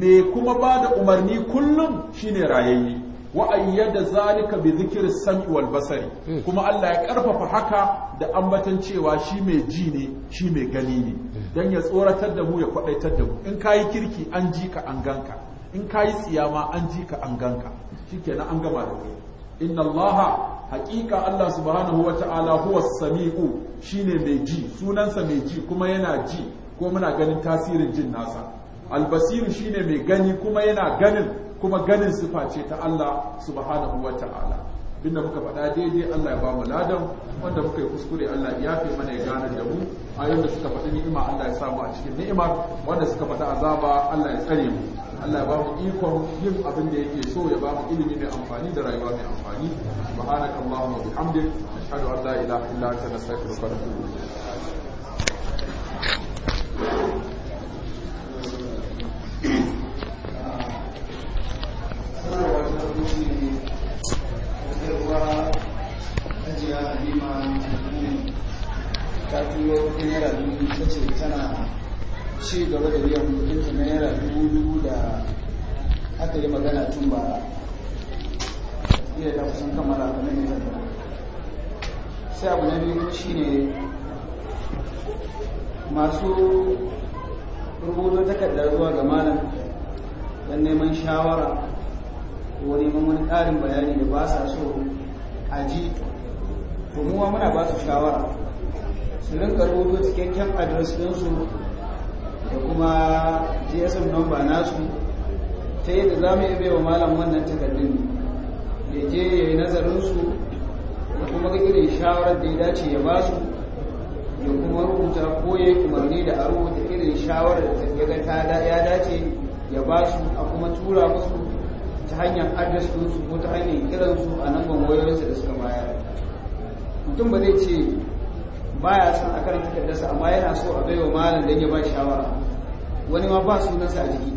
mai kuma ba da umarni kullum shine rayayye wa ayyada zalika bi dhikri sam'i wal basari hmm. kuma Allah ya karfafa haka da ambatan cewa shi mai ji ne shi mai gani ne hmm. dan ya tsoratar da mu ya kwadaitar da mu in kai kirki an ji ka an ganka in kai tsiyama an ji ka an ganka shikenan an gama da kai inna allaha haƙiƙa Allah subhanahu wa ta'ala huwa sami'u shine mai ji sunansa mai ji kuma yana ji ko muna ganin tasirin jin nasa albasiru shine mai gani kuma yana ganin kuma ganin sifa ce ta Allah subhanahu wa ta'ala binda muka faɗa daidai Allah ya ba mu ladan wanda muka yi kuskure Allah ya yafe mana ya gane da mu A da suka faɗi ni'ima Allah ya samu a cikin ni'imar wanda suka faɗi azaba Allah ya tsare mu Allah ya ba mu ikon yin abin da yake so ya ba mu ilimi mai amfani da rayuwa mai amfani subhanaka allahumma bihamdik ashhadu an la ilaha illa anta astaghfiruka wa atubu ilayk biyo naira dubu ta ce tana ci gaba da biyan kudinta naira dubu dubu da aka yi magana tun ba iya da kusan kammala kuma ne zan sai abu na biyu shi ne masu rubuto takardar zuwa ga malam don neman shawara ko neman ƙarin bayani da ba sa so a ji domin muwa muna ba su shawara su rinka rubuto cikakken adres ɗinsu da kuma gsm number nasu ta da za mu iya wa malam wannan takardun ya je ya yi nazarinsu da kuma irin shawarar da ya dace ya ba su da kuma rubuta ko ya yi umarni da a rubuta irin shawarar da ya ga ya dace ya ba su a kuma tura musu ta hanyar adres ɗinsu ko ta hanyar kiransu a nan wayoyinsu da suka bayar mutum ba zai ce baya son a karanta takardarsa amma yana so a baiwa malam don ya ba shawara wani ma ba sunansa a jiki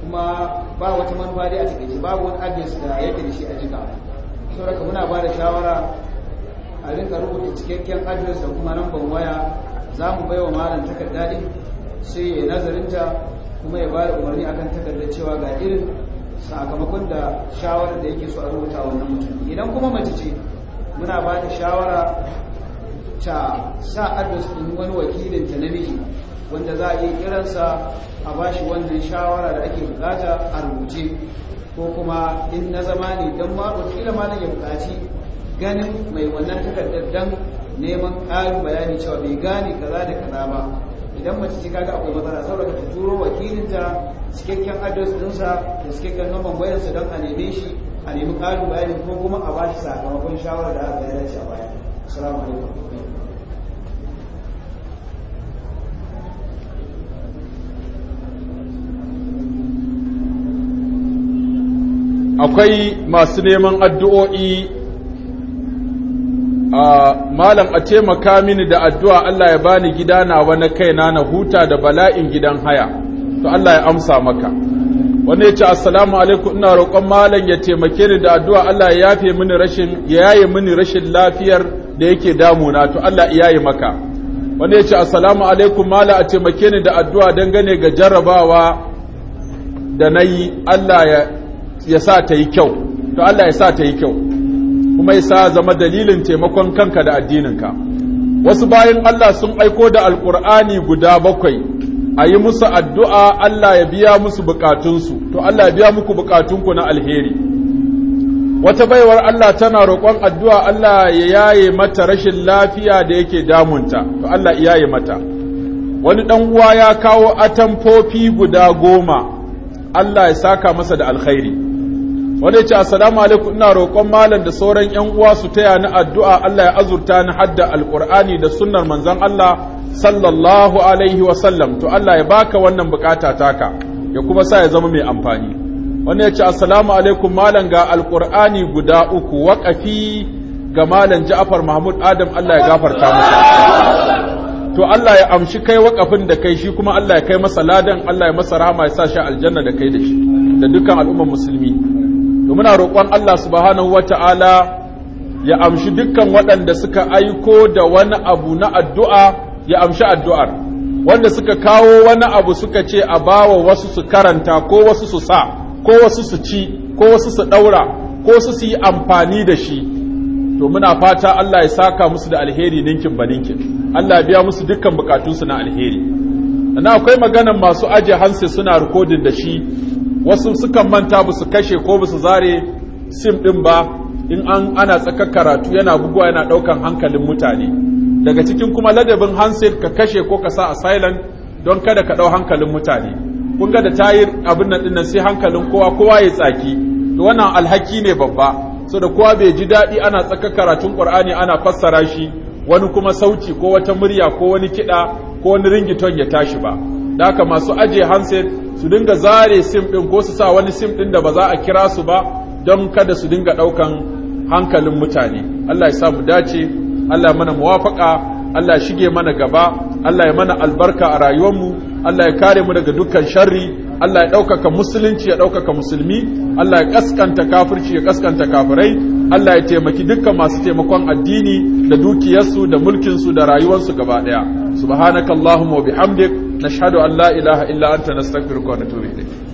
kuma ba wata manufa dai a takaice babu wani abinsu da ya da shi a jika saboda muna ba da shawara a rinka rubuta cikakken adres da kuma lambar waya za mu baiwa malam takarda sai ya nazarinta kuma ya bada umarni akan takardar cewa ga irin sakamakon da shawarar da yake so a rubuta wannan mutum idan kuma mace ce muna ba da shawara ta sa adres ɗin wani wakilin ta namiji wanda za a iya kiransa a bashi wannan shawara da ake bukata a rubuce ko kuma in na zama ne don ma wakila ma ya bukaci ganin mai wannan takardar don neman ƙarin bayani cewa bai gane kaza da kaza ba idan mace ce kaga akwai matsala saboda ta turo wakilinta cikakken adres ɗinsa da cikakken lambar wayarsa don a neme shi a nemi ƙarin bayani ko kuma a ba shi sakamakon shawara da aka yi da shi a baya assalamu alaikum akwai masu neman addu'o'i a malam a taimaka mini da addu'a Allah ya bani gida na wani kaina na huta da bala'in gidan haya to Allah ya amsa maka wani ya ce assalamu alaikum ina roƙon malam ya taimake ni da addu'a Allah ya yafe mini rashin ya yaye mini rashin lafiyar da yake damuna to Allah ya yaye maka wani ya ce assalamu alaikum malam a taimake ni da addu'a dangane ga jarrabawa da na yi Allah ya ya sa ta yi kyau to Allah ya sa ta yi kyau kuma ya sa zama dalilin taimakon kanka da addininka wasu bayan Allah sun aiko da alkur'ani guda bakwai a yi musu addu'a Allah ya biya musu bukatunsu to Allah ya biya muku bukatunku na alheri wata baiwar Allah tana roƙon addu'a Allah ya yaye mata rashin lafiya da yake damunta to Allah ya yaye mata wani ɗan uwa ya kawo atamfofi guda goma Allah ya saka masa da alkhairi wani ce assalamu alaikum ina roƙon malam da sauran yan uwa su taya ni addu'a Allah ya azurta ni hadda alqur'ani da sunnar manzon Allah sallallahu alaihi wa sallam to Allah ya baka wannan bukata taka ya kuma sa ya zama mai amfani wani ya ce assalamu alaikum malam ga alqur'ani guda uku waƙafi ga malam Ja'far Mahmud Adam Allah ya gafarta masa to Allah ya amshi kai wakafin da kai shi kuma Allah ya kai masa ladan Allah ya masa rahama ya sa shi aljanna da kai da shi da dukkan al'ummar musulmi to muna roƙon Allah subhanahu wata'ala ya amshi dukkan waɗanda suka aiko da wani abu na addu'a ya amshi addu'ar wanda suka kawo wani abu suka ce a bawa wasu su karanta ko wasu su sa ko wasu su ci ko wasu su ɗaura ko su su yi amfani da shi to muna fata Allah ya saka musu da alheri ninkin ba ninkin Allah ya biya musu dukkan bukatunsu na alheri na akwai maganan masu aje hansi suna rikodin da shi wasu sukan manta ba su kashe ko ba su zare sim ɗin ba in an ana tsakar karatu yana buguwa yana ɗaukan hankalin mutane daga cikin kuma ladabin handset ka kashe ko ka sa a don kada ka ɗau hankalin mutane kun ga da tayir abin nan din nan sai hankalin kowa kowa ya tsaki to wannan alhaki ne babba so da kowa bai ji daɗi ana tsakar karatun qur'ani ana fassara shi wani kuma sauti ko wata murya ko wani kiɗa ko wani ringiton ya tashi ba da haka masu aje handset su dinga zare sim din ko su sa wani sim din da ba za a kira su ba don kada su dinga ɗaukan hankalin mutane Allah ya sa mu dace Allah ya mana muwafaka Allah ya shige mana gaba Allah ya mana albarka a rayuwarmu Allah ya kare mu daga dukkan sharri Allah ya ɗaukaka musulunci ya ɗaukaka musulmi Allah ya kaskanta kafirci ya kaskanta kafirai Allah ya taimaki dukkan masu taimakon addini da dukiyarsu da mulkinsu da rayuwarsu gaba ɗaya subhanakallahumma wa bihamdika nashhadu an la ilaha illa anta na wa natubu ilayk